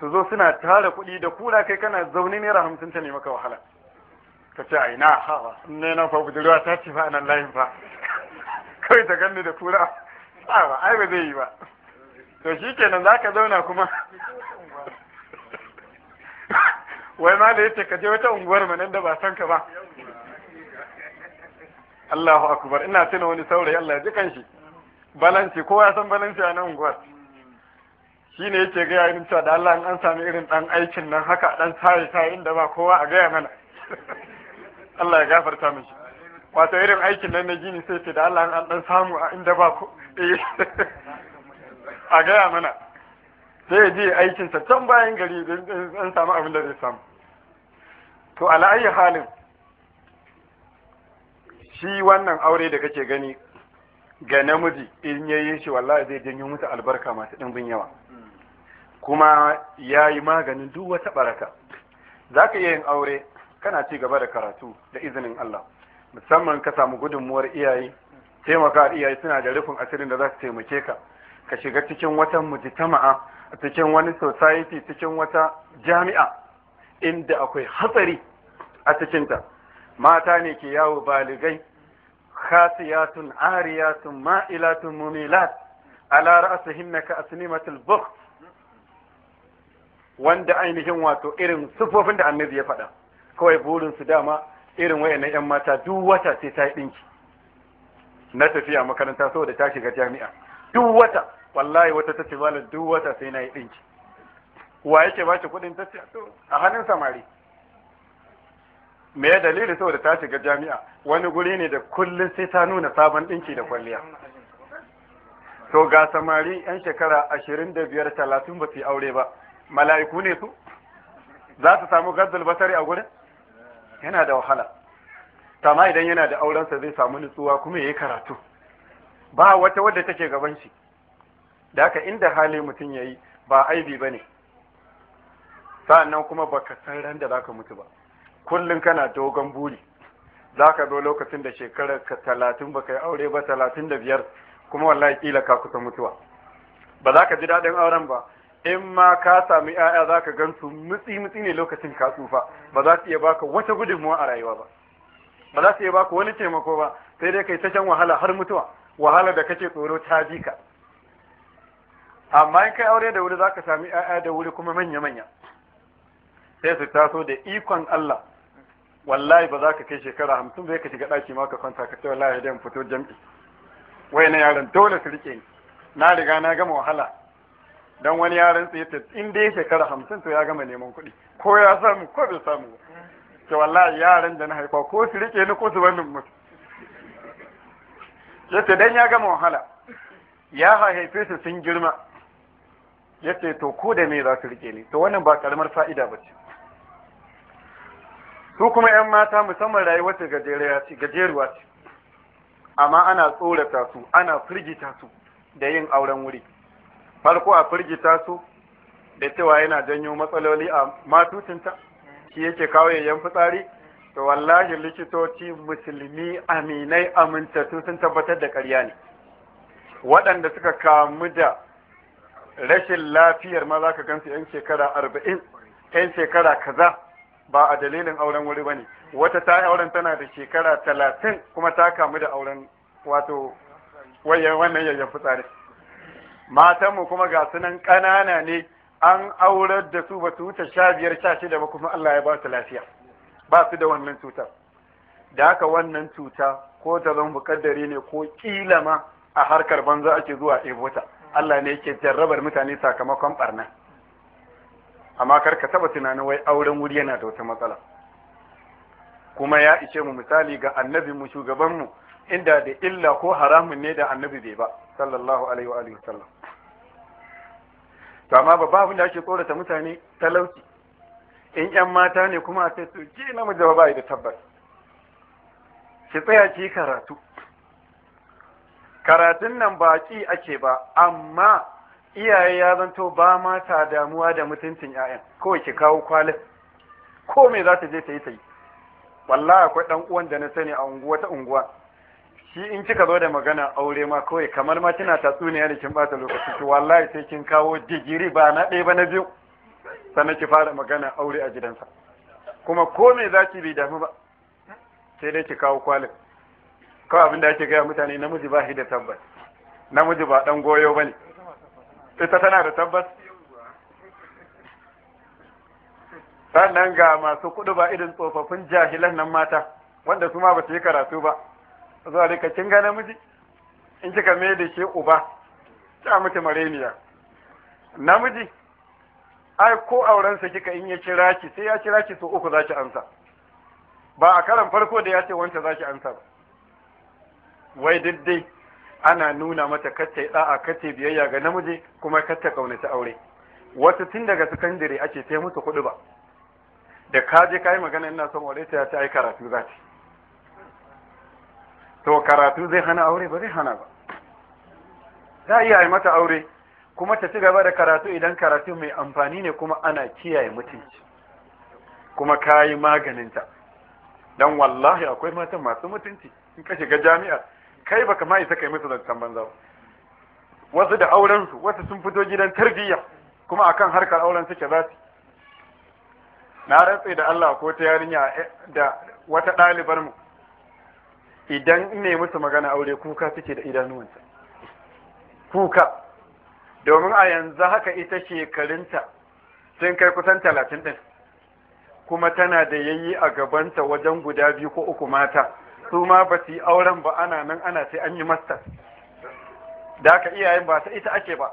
su zo suna tara kuɗi da kura kai kana zaune naira hamsin ta ne maka wahala ka ce a ina ha ne na fa budurwa ta ce fa anan layin fa kawai ta ganni da kura ba ai ba zai yi ba to shi kenan za ka zauna kuma wai ma da yace ka je wata unguwar nan da ba san ka ba Allahu akbar ina tuna wani saurayi Allah ya ji kanshi balanci kowa ya san balanci a nan unguwar Shi ne yake gaya yayin cewa da Allah an sami irin dan aikin nan haka dan tare sai inda ba kowa a gaya mana Allah ya gafarta mishi wato irin aikin nan na gini sai ce da Allah an dan samu a inda ba ku eh, a gaya mana sai ya je aikinsa can bayan gari an samu abin da zai samu to ala'ayi halin shi wannan aure da kake gani ga namiji in ya yi shi wallahi zai janyo musu albarka masu ɗimbin yawa kuma ya yi maganin duk wata baraka za ka iya yin aure kana ci gaba da karatu da izinin Allah musamman ka samu gudunmuwar iyaye taimaka iyaye suna da rufin asirin da za su taimake ka ka shiga cikin wata mujtama'a cikin wani society cikin wata jami'a inda akwai hatsari a cikinta mata ne ke yawo baligai khasiyatun ariyatun ma'ilatun mumilat ala ra'sihinna ka asnimatul bukh wanda ainihin wato irin sufofin da annabi ya faɗa kawai burin su dama irin nan yan mata duk wata sai ta yi dinki na tafiya makaranta saboda ta shiga jami'a duk wata wallahi wata ta ce malam duk wata sai na yi dinki wa yake ba shi kuɗin tafiya to a hannun samari me ya dalili saboda ta shiga jami'a wani guri ne da kullum sai ta nuna sabon dinki da kwalliya to ga samari yan shekara ashirin da biyar talatin ba su yi aure ba mala'iku ne su za su samu gazzal basari a gurin yana da wahala tama idan yana da aurensa zai samu nutsuwa kuma yayi karatu ba wata wadda take gaban shi da aka inda hali mutum ya yi ba aibi bane sa'annan kuma baka san randa da zaka mutu ba kullum kana dogon buri zaka zo lokacin da shekarar ka talatin baka yi aure ba talatin da biyar kuma wallahi kila ka kusa mutuwa ba za ka ji daɗin auren ba in ma ka sami ‘ya'ya za ka gan su mutsi-mutsi ne lokacin ka tsufa ba za su iya baka wata gudunmuwa a rayuwa ba ba za su iya baka wani taimako ba sai dai kai ta shan wahala har mutuwa wahala da kake tsoro ta ji ka amma in kai aure da wuri za ka sami ‘ya'ya da wuri kuma manya-manya sai su taso da ikon Allah wallahi ba za ka kai shekara hamsin bai ka shiga ɗaki ma ka kwanta ka ce wallahi dan fito jam'i wai na yaran dole su riƙe ni na riga na gama wahala dan wani yaran sai ta in dai shekara hamsin to ya gama neman kuɗi ko ya samu ko bai samu to wallahi yaran da na haifa ko su rike ni ko su bani mutu yace dan ya gama wahala ya haife su sun girma yace to ko da me za su rike ni to wannan ba karamar fa'ida ba ce su kuma yan mata musamman rayuwar ta gajeruwa ce amma ana tsorata su ana firgita su da yin auren wuri farko a firgita su da cewa yana janyo matsaloli a matutinta shi yake kawo yayyan fitsari to wallahi likitoci musulmi aminai amintattu sun tabbatar da ƙarya ne waɗanda suka kamu da rashin lafiyar ma za ka gansu 'yan shekara arba'in 'yan shekara kaza ba a dalilin auren wuri ba ne wata ta auren tana da shekara talatin kuma ta kamu da auren wato wannan yayyan fitsari matanmu kuma ga sunan ƙanana ne an aurar da su ba su wuce sha biyar sha shida ba kuma Allah ya ba su lafiya ba su da wannan cuta da haka wannan cuta ko ta zan muƙaddari ne ko ƙila ma a harkar banza ake zuwa ebota Allah ne yake jarrabar mutane sakamakon barna amma kar ka taba tunanin wai auren wuri yana da wata matsala kuma ya ishe mu misali ga annabi mu shugaban mu inda da illa ko haramun ne da annabi bai ba sallallahu alaihi wa alihi wasallam to amma babba abin da ake tsorata mutane talauci in yan mata ne kuma a sai su ki namiji ba bai da tabbas ki tsaya ki karatu karatun nan ba ki ake ba amma iyaye ya zanto ba ma ta damuwa da mutuncin 'ya'yan kawai ki kawo kwalin ko me za ta je ta yi ta yi wallahi akwai dan uwan da na sani a unguwa ta unguwa shi in kika zo da magana aure ma kawai kamar ma kina tatsuniya da kin bata lokaci to wallahi sai kin kawo digiri ba na ɗaya ba na biyu sannan ki fara magana aure a gidansa kuma ko me za ki bai damu ba sai dai ki kawo kwalin kawai abin da ake gaya mutane namiji ba shi da tabbas namiji ba dan goyo ba ne ita tana da tabbas sannan ga masu kuɗi ba irin tsofaffin jahilan nan mata wanda su ma ba su yi karatu ba zuwa da kin ga namiji in kika mai da shi uba ta mutu mareniya namiji ai ko aurensa kika in ya kira ki sai ya kira ki so uku zaki amsa ba a karan farko da ya ce wanda zaki amsa ba wai diddai ana nuna mata kace da'a kace biyayya ga namiji kuma kace kaunaci aure wasu tun daga sakandare ake sai mutu kuɗi ba da kaje je ka yi magana ina son aure ta ya ai karatu zaki to karatu zai hana aure ba zai hana ba za a iya yi mata aure kuma ta ci gaba da karatu idan karatu mai amfani ne kuma ana kiyaye mutunci kuma ka yi maganinta don wallahi akwai matan masu mutunci in ka shiga jami'a kai baka ma isa kai musu zancen banza ba wasu da aurensu wasu sun fito gidan tarbiyya kuma akan harkar auren suke za su na rantse da Allah ko ta yarinya eh, da wata ɗalibar idan in ne musu magana aure kuka suke da idanuwansa kuka domin a yanzu haka ita shekarunta sun kai kusan talatin ɗin kuma tana da yayi a gabanta wajen guda biyu ko uku mata su ma ba su yi auren ba ana nan ana sai an yi masta da aka iyayen ba ta ita ake ba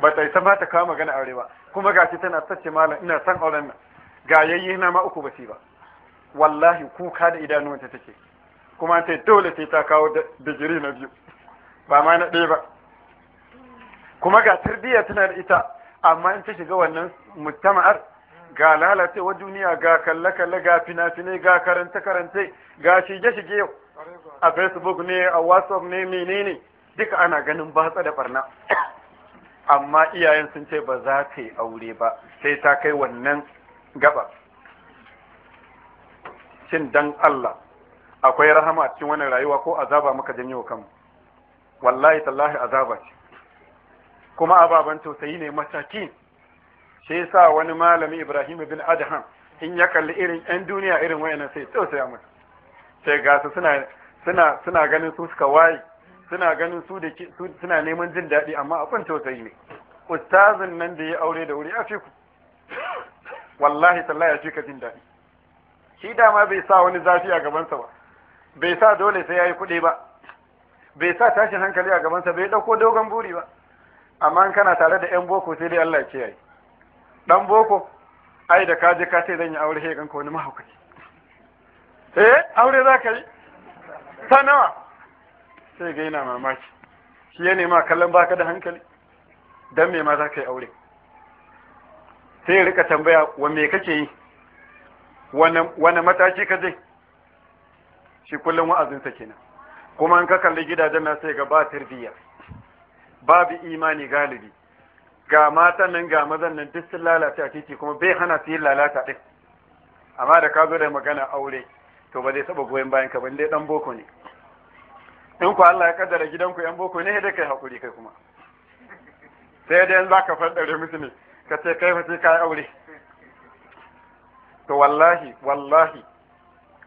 ba ta isa ba ta kawo magana aure ba kuma gashi tana sace malam ina son auren nan ga yayi na ma uku ba su ba wallahi kuka da idanuwanta take kuma ta dole sai ta kawo digiri na biyu ba ma na ɗaya ba kuma ga tarbiyya tana da ita amma in ta shiga wannan mutama'ar ga lalacewa duniya ga kalle-kalle ga fina-finai ga karanta-karanta ga shige-shige a facebook ne a whatsapp ne menene duka ana ganin batsa da barna amma iyayen sun ce ba za ta yi aure ba sai ta kai wannan gaba shin dan Allah akwai rahama a cikin wannan rayuwa ko azaba muka janyo kanmu wallahi tallahi azaba ce kuma ababan tausayi ne mataki shi yasa wani malami Ibrahim bin Adham in ya kalli irin ɗan duniya irin wayannan sai tausaya musu sai ga su suna suna suna ganin su suka waye suna ganin su da suna neman jin daɗi amma abin tausayi ne ustazin nan da ya aure da wuri a ku wallahi tallahi a fika ka jin daɗi shi dama bai sa wani zafi a gabansa ba bai sa dole sai yayi kuɗi ba bai sa tashin hankali a gabansa bai ɗauko dogon buri ba amma in kana tare da 'yan boko sai dai Allah ya yi dan boko ai da kaje ka ce zan yi aure sai ganka wani mahaukaci eh aure za ka yi ta sai ga yana mamaki shi ya nema kallon baka da hankali dan me ma za ka yi aure sai ya rika tambaya wa me kake yi wani mataki ka je shi kullum wa'azinsa kenan kuma in ka kalli gidajen na sai ga ba tarbiyya babu imani galibi ga matan nan ga mazan nan duk sun lalata a titi kuma bai hana su yin lalata ɗin amma da ka zo da magana aure to ba zai saba goyon bayan ka ba dai dan boko ne in ku Allah ya kaddara gidanku yan boko ne da kai hakuri kai kuma sai dai in zaka faddare musu ne ka ce kai fa sai ka aure to wallahi wallahi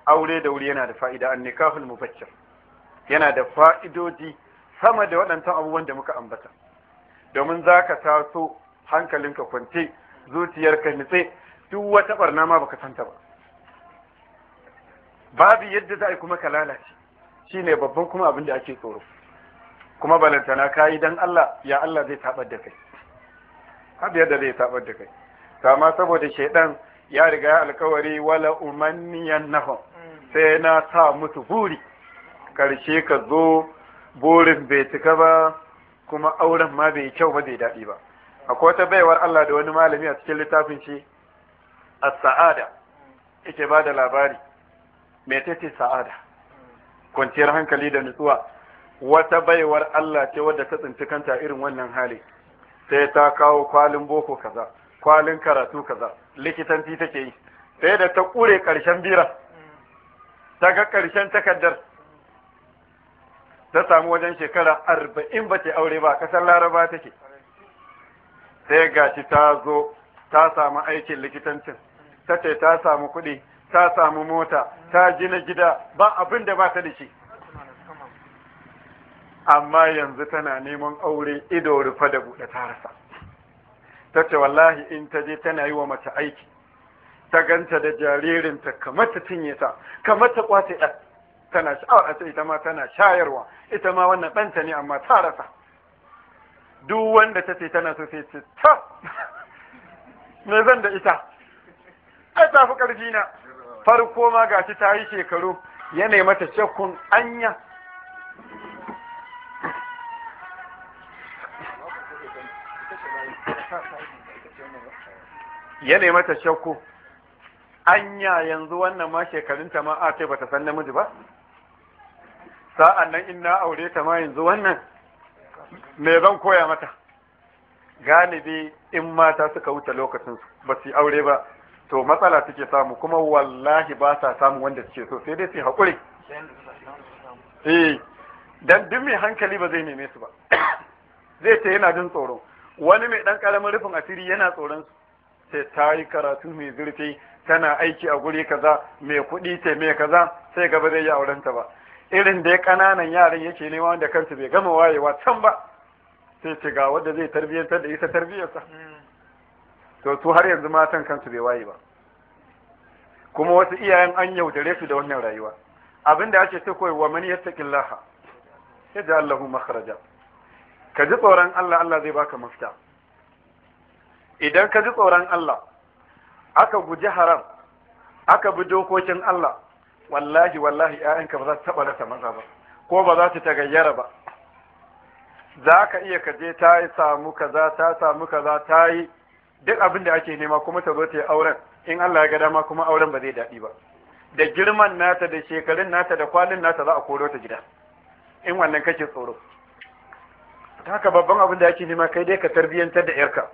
aure da wuri yana da fa'ida an nikahul mufakkir yana da fa'idoji sama da waɗantan abubuwan da muka ambata domin za ka taso hankalinka kwance zuciyarka nitse duk wata barna ma baka santa ba babu yadda za a yi kuma ka lalace shine babban kuma abin da ake tsoro kuma balantana ka yi Allah ya Allah zai tabar da kai abiyar da zai tabar da kai kama saboda shaidan ya riga alkawari wala umanniyan nahu mm. sai na sa musu buri karshe ka zo burin bai cika ba kuma auren ma bai kyau ba bai daɗi ba akwai wata baiwar Allah da wani malami a cikin littafin shi as-sa'ada yake ba da labari me tace sa'ada mm. kwanciyar hankali da nutsuwa wata baiwar Allah ce wadda ta tsinci kanta irin wannan hali sai ta kawo kwalin boko kaza kwalin karatu kaza likitanci take yi sai da ta kure ƙarshen bira ta ga ƙarshen takardar ta samu wajen shekara arba'in ba ce aure ba kasar laraba take sai gashi ta zo ta samu aikin likitancin ta ce ta samu kuɗi ta samu mota ta gina gida ba abin da ba ta da shi amma yanzu tana neman aure ido rufe da buɗe ta rasa ta ce wallahi in ta je tana yi wa mace aiki ta ganta da jaririnta kamar ta cinye ta kamar ta kwace ɗan tana sha'awar a ce ita ma tana shayarwa ita ma wannan ɗanta ne amma ta rasa duk wanda ta ce tana so sai ce ta me zan da ita ai ta fi ƙarfi na farko ma gashi ta yi shekaru ya mata shakkun anya ya ne mata shakku anya yanzu wannan ma shekarunta ma a ce bata san namiji ba sa'annan nan in na aure ta ma yanzu wannan me zan koya mata galibi in mata suka wuce lokacinsu ba su aure ba to matsala suke samu kuma wallahi ba sa samu wanda suke so sai dai su haƙuri eh dan duk mai hankali ba zai neme su ba zai ce yana jin tsoro wani mai ɗan ƙaramin rufin asiri yana tsoron sai ta yi karatu mai zurfi tana aiki a guri kaza mai kuɗi ce mai kaza sai gaba zai yi aurenta ba irin da ya ƙananan yaran yake nema wanda kansu bai gama wayewa can ba sai ce ga wanda zai tarbiyyantar da ita tarbiyyarsa to su har yanzu matan kansu bai waye ba kuma wasu iyayen an yaudare su da wannan rayuwa Abin da ake ce koyi wa man yattaqillaha yaj'al lahu makhraja ka ji tsoron Allah Allah zai baka mafita idan ka ji tsoron Allah aka guji haram aka bi dokokin Allah wallahi wallahi ƴaƴanka ba za su taɓa rasa maza ba ko ba za su tagayyara ba za ka iya ka je ta yi samu kaza ta samu kaza ta yi duk abin da ake nema kuma ta zo ta yi auren in Allah ya ga dama kuma auren ba zai daɗi ba da girman nata da shekarun nata da kwalin nata za a koro ta gida in wannan kake tsoro haka babban abin da yake nema kai dai ka tarbiyyantar da yarka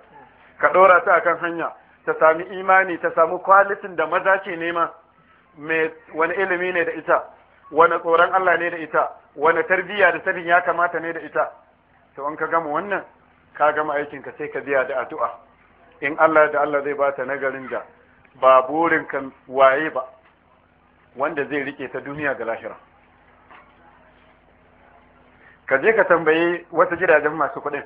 ka ɗora ta akan hanya ta sami imani ta sami kwalitin da maza ke nema mai wani ilimi ne da ita wani tsoron Allah ne da ita wani tarbiyya da sabin ya kamata ne da ita to in ka gama wannan ka gama aikin ka sai ka biya da addu'a in Allah da Allah zai bata nagarin da ba burin kan waye ba wanda zai rike ta duniya ga lahira ka je ka tambayi wasu gidajen masu kuɗin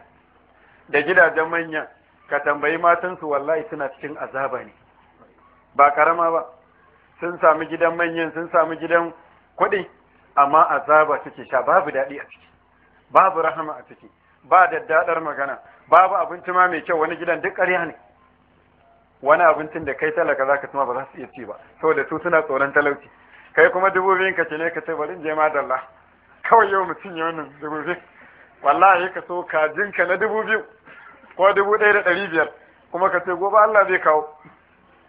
da gidajen manya ka tambayi matansu wallahi suna cikin azaba ne ba karama ba sun sami gidan manyan sun sami gidan kuɗi amma azaba suke sha babu daɗi a ciki babu rahama a ciki ba daddadar magana babu abinci ma mai kyau wani gidan duk ƙarya ne wani abincin da kai talaka zaka tuma ba za su iya ci ba saboda su suna tsoron talauci kai kuma dubu biyun ka ce ne ka ce bari in je madalla kawai yau mutum ya wannan dubu biyu wallahi ka so ka na dubu biyu ko dubu ɗaya da ɗari biyar kuma ka ce gobe Allah zai kawo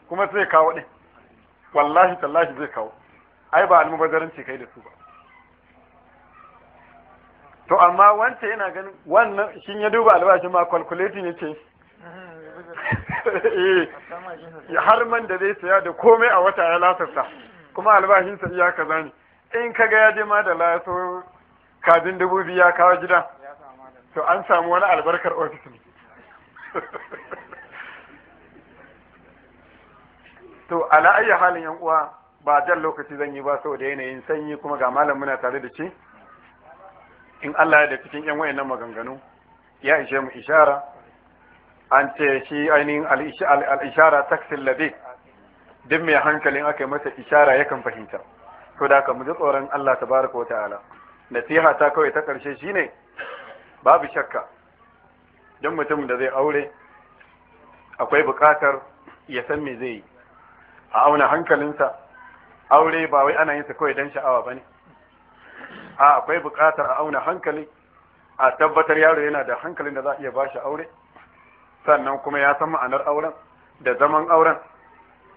kuma zai kawo ɗin wallahi tallahi zai kawo ai ba almubazzaranci kai da su ba to amma wancan yana ganin wannan shin ya duba albashin ma calculating yake eh har man da zai saya da komai a wata ya lasarta kuma albashinsa iya kaza ne in ka ga ya je ma da laso kajin dubu biyu ya kawo gida? to an samu wani albarkar ofis ne to ala ayyi halin yan uwa ba jan lokaci zan yi ba saboda yanayin sanyi kuma ga malam muna tare da ci? in Allah ya da cikin yan wayannan maganganu ya ishe mu ishara an ce shi ainihin al-ishara taksil ladhi duk mai hankalin aka yi masa ishara yakan fahimta to da ka mu ji tsoron Allah baraka wa ta'ala nasiha ta kawai ta karshe shine babu shakka don mutum da zai aure akwai buƙatar ya san me zai yi a auna hankalinsa aure ba wai ana yin sa kawai don sha'awa ba ne a akwai buƙatar a auna hankali a tabbatar yaro yana da hankalin da za a iya ba shi aure sannan kuma ya san ma'anar auren da zaman auren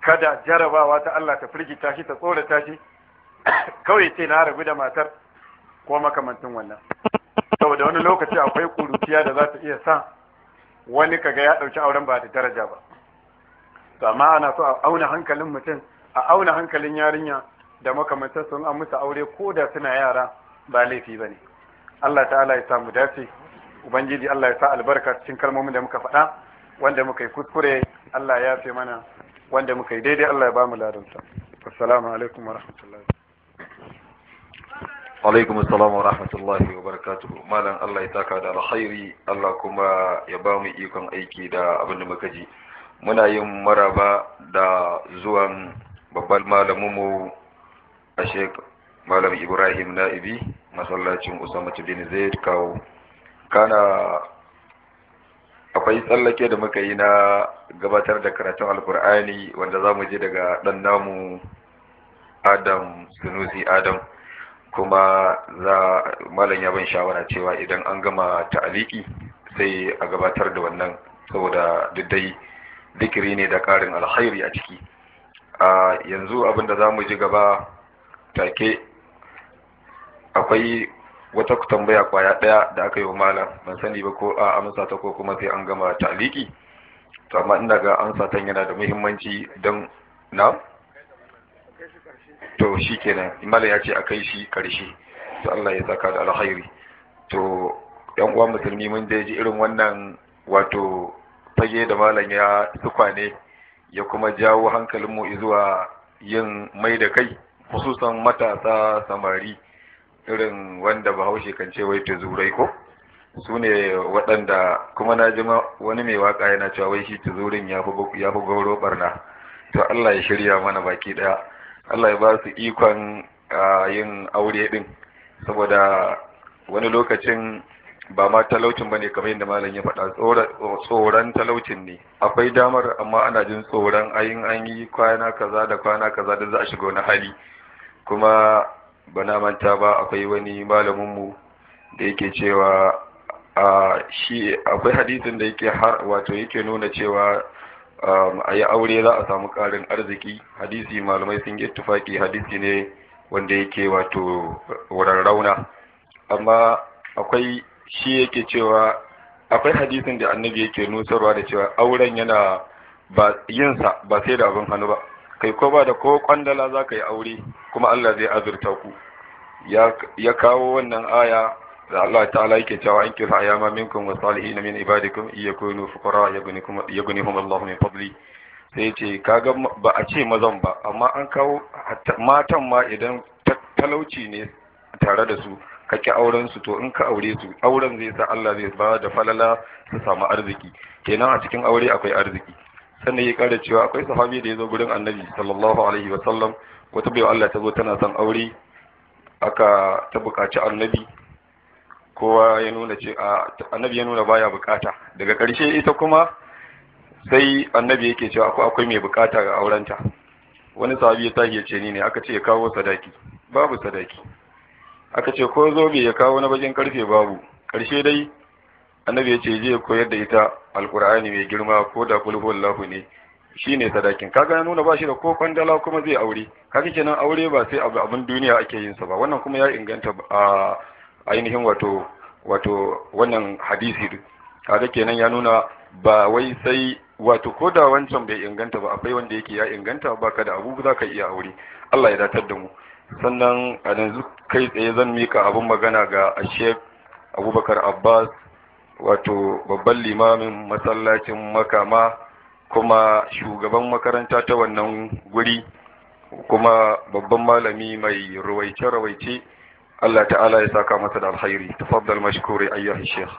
kada jarabawa ta Allah ta firgita shi ta tsorata shi kawai ce na rabu da matar ko makamantin wannan saboda wani lokaci akwai kuruciya da za ta iya sa wani kaga ya ɗauki auren ba da daraja ba to amma ana so a auna hankalin mutum a auna hankalin yarinya da makamantar sun an musu aure ko da suna yara ba laifi ba ne Allah ta'ala ya samu dace ubangiji Allah ya sa albarka cikin kalmomin da muka faɗa wanda muka yi kuskure Allah ya fi mana wanda muka yi daidai Allah ya ba mu ladansa assalamu alaikum wa rahmatullahi alaikum wa rahmatullahi wa barakatuhu malam Allah ya taka da alkhairi Allah kuma ya ba mu ikon aiki da abin da muka ji muna yin maraba da zuwan babban malaminmu a sheik malam ibrahim na'ibi masallacin usama tudin zai kawo kana akwai tsallake da muka yi na gabatar da karatun alkur'ani wanda za mu je daga ɗan namu adam sunusi adam kuma za malam ya ban shawara cewa idan an gama ta'aliki sai a gabatar da wannan saboda dai dikiri ne da karin alkhairi a ciki a yanzu abin da za mu ji gaba take akwai wata tambaya kwaya daya da aka yi wa malam ban sani ba ko a amsa ta ko kuma sai an gama ta'aliki to amma ina ga amsa ta yana da muhimmanci don na to shi kenan malam ya ce a kai shi karshe to Allah ya saka da alkhairi to yan uwa musulmi mun da ji irin wannan wato fage da malam ya tukwane ya kuma jawo hankalinmu zuwa yin mai da kai hususan matasa samari irin wanda bahaushe kan ce wai tuzurai ko su ne waɗanda kuma na ji wani mai waka yana cewa wai shi tuzurin ya fi gauro barna to Allah ya shirya mana baki ɗaya Allah ya ba su ikon yin aure ɗin saboda wani lokacin ba ma talaucin ba ne kamar yadda malam ya faɗa tsoron talaucin ne akwai damar amma ana jin tsoron ayin an yi kwana kaza da kwana kaza da za a shiga wani hali kuma bana manta ba akwai wani malaminmu da yake cewa a shi akwai hadisin da yake har wato yake nuna cewa Um, a yi aure za a samu karin arziki hadisi malamai sun yi tufaki hadisi ne wanda yake wato wurin rauna amma akwai shi yake cewa akwai hadisin da annabi yake nusarwa da cewa auren yana ba yinsa ba sai da abin hannu ba kai ko ba da ko kwandala za ka yi aure kuma Allah zai azurta ku ya kawo wannan aya da Allah ta'ala yake cewa an kira ayyama minkum wa salihin min ibadikum iyakunu fuqara yabnikum yabnihum Allah min fadli sai ce kaga ba a ce mazan ba amma an kawo matan ma idan talauci ne tare da su kake auren su to in ka aure su auren zai sa Allah zai ba da falala su samu arziki kenan a cikin aure akwai arziki sannan ya kare cewa akwai sahabi da ya zo gurin annabi sallallahu alaihi wa sallam wata bai Allah ta zo tana son aure aka ta buƙaci annabi kowa ya nuna ce annabi ya nuna baya bukata daga ƙarshe ita kuma sai annabi yake cewa akwai akwai mai bukata ga aurenta wani sahabi ya tahi ya ce ni ne aka ce ya kawo sadaki babu sadaki aka ce ko zo zobe ya kawo na bakin karfe babu ƙarshe dai annabi ya ce je koyar da ita alkur'ani mai girma ko da kulhuwallahu ne shine sadakin kaga nuna ba shi da ko kwandala kuma zai aure kaga kenan aure ba sai abin duniya ake yin sa ba wannan kuma ya inganta a ainihin wato wato wannan hadisi kaga kenan ya nuna ba wai sai wato ko da wancan bai inganta ba akwai wanda yake ya inganta ba ka abu za ka iya aure Allah ya datar da mu sannan a yanzu kai tsaye zan mika abun magana ga Sheikh Abubakar Abbas wato babban limamin masallacin makama kuma shugaban makaranta ta wannan guri kuma babban malami mai rawaice-rawaice Allah ta'ala ya saka mata da alkhairi tafaddal mashkuri ayyuhal sheikh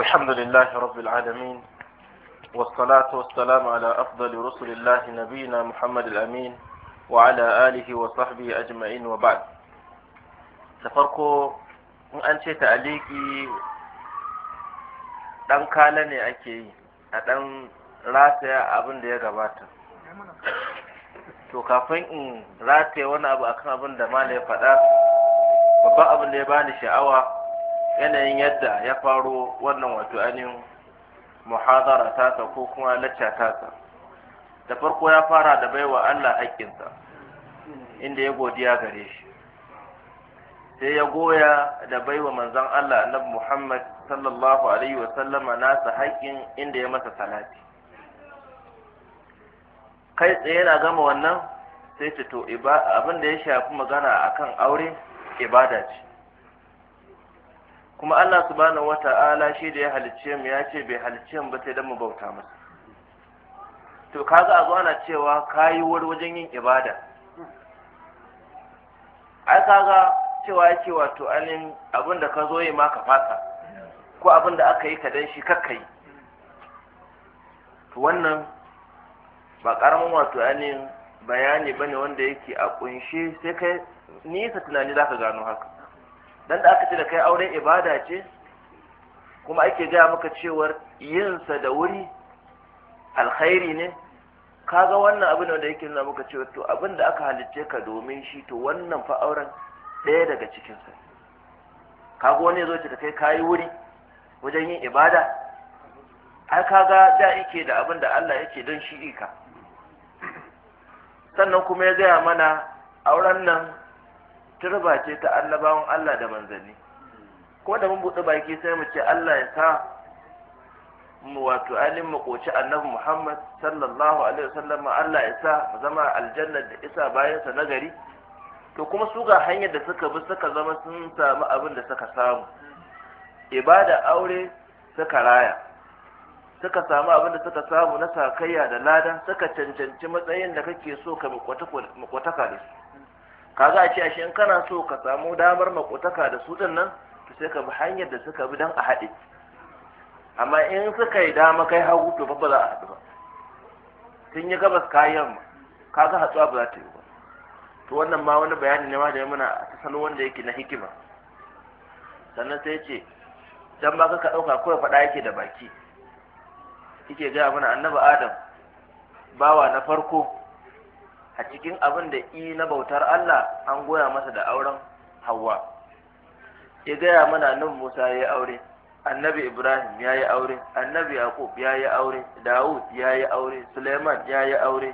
alhamdulillah rabbil alamin wassalatu wassalamu ala afdal rusulillah nabina muhammad alamin wa ala alihi wa sahbihi ajma'in wa ba'd da farko in an ce ta aliki dan kala ne ake yi a dan rataya abin da ya gabata to kafin in rataya wani abu akan abin da mala ya faɗa babban abin da ya bani sha'awa yanayin yadda ya faro wannan wato ainihin muhadara tasa ko kuma lacca tasa da farko ya fara da baiwa Allah haƙƙinsa inda ya godiya gare shi sai ya goya da baiwa manzon Allah annabi Muhammad sallallahu alaihi wa sallama nasa haƙƙin inda ya masa salati kai tsaye yana gama wannan sai ce to abin da ya shafi magana akan aure ibada ce kuma Allah subhanahu wata'ala shi da ya halicce mu ya ce bai halicce mu ba sai dan mu bauta masa to kaga a zo ana cewa kayi war wajen yin ibada ai kaga cewa yake wato anin abin da ka zo yi ma ka fasa ko abin da aka yi ka dan shi kakkai to wannan ba karamin wato ainihin bayani ba ne wanda yake a kunshe sai kai nisa tunani za ka gano haka dan da aka ce da kai auren ibada ce kuma ake gaya maka cewar yinsa da wuri alkhairi ne ka ga wannan abin da yake nuna maka cewa to abin da aka halicce ka domin shi to wannan fa auren ɗaya daga cikinsa ga wani zo ta kai ka yi wuri wajen yin ibada ai ka ga da yake da abin da Allah yake don shi ika sannan kuma ya gaya mana auren nan turba ce ta annabawan Allah da manzanni ko da mun buɗe baki sai mu ce Allah ya sa mu wato ainihin makoci annabi Muhammad sallallahu alaihi wasallam Allah ya sa mu zama aljanna da isa bayan sa nagari to kuma su ga hanyar da suka bi suka zama sun samu abin da suka samu ibada aure suka raya suka samu abin da suka samu na sakayya da lada suka cancanci matsayin da kake so ka makwataka da su kaga a ce ashe in kana so ka samu damar makwataka da su din nan to sai ka bi hanyar da suka bi don a haɗe amma in suka yi dama kai hagu to babba za a haɗu ba sun yi gabas kayan ma kaga hatsuwa ba za ta yi ba to wannan ma wani bayani ne ma da muna a salo wanda yake na hikima sannan sai ce dan ba ka ɗauka kawai faɗa yake da baki yake gaya mana annabi adam bawa na farko a cikin abin da i na bautar Allah an goya masa da auren hawa ya gaya mana nan Musa ya yi aure annabi Ibrahim ya yi aure annabi Yaqub ya yi aure Dawud ya yi aure Suleiman ya yi aure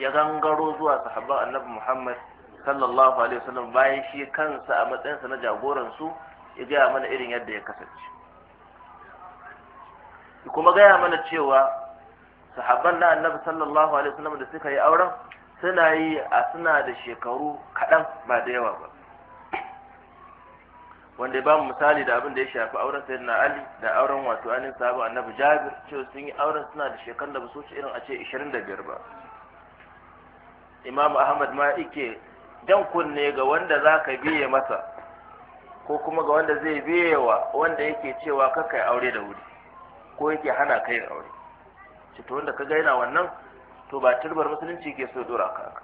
ya gangaro zuwa sahabban annabi Muhammad sallallahu alaihi wasallam bayan shi kansa a matsayinsa na jagoransu ya gaya mana irin yadda ya kasance kuma gaya mana cewa sahabban na annabi sallallahu alaihi wasallam da suka yi auren suna yi a suna da shekaru kaɗan ba da yawa ba wanda ya bamu misali da abin da ya shafi auren na ali da auren wato anin sahabu annabi jabir cewa sun yi auren suna da shekaru da ba su wuce irin a ce 25 ba Imam ahmad ma yake dan kunne ga wanda za ka biye masa ko kuma ga wanda zai biye wa wanda yake cewa kakai aure da wuri ko yake hana kai aure ce to wanda ka ga yana wannan to ba turbar musulunci ke so dora ka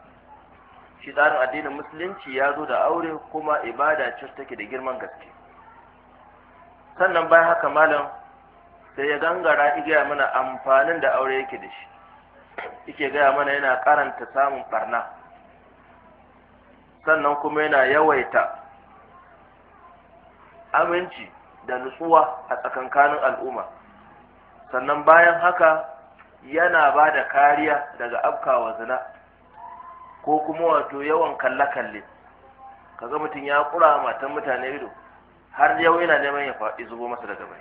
shi tsarin addinin musulunci ya zo da aure kuma ibada ce take da girman gaske sannan bayan haka malam sai ya gangara igiya mana amfanin da aure yake da shi yake gaya mana yana karanta samun barna sannan kuma yana yawaita aminci da nutsuwa a tsakankanin al'umma sannan bayan haka yana ba da kariya daga afkawa zina ko kuma wato yawan kalle-kalle kaga mutum ya kura matan mutane ido har yau yana neman ya faɗi zubo masa daga bai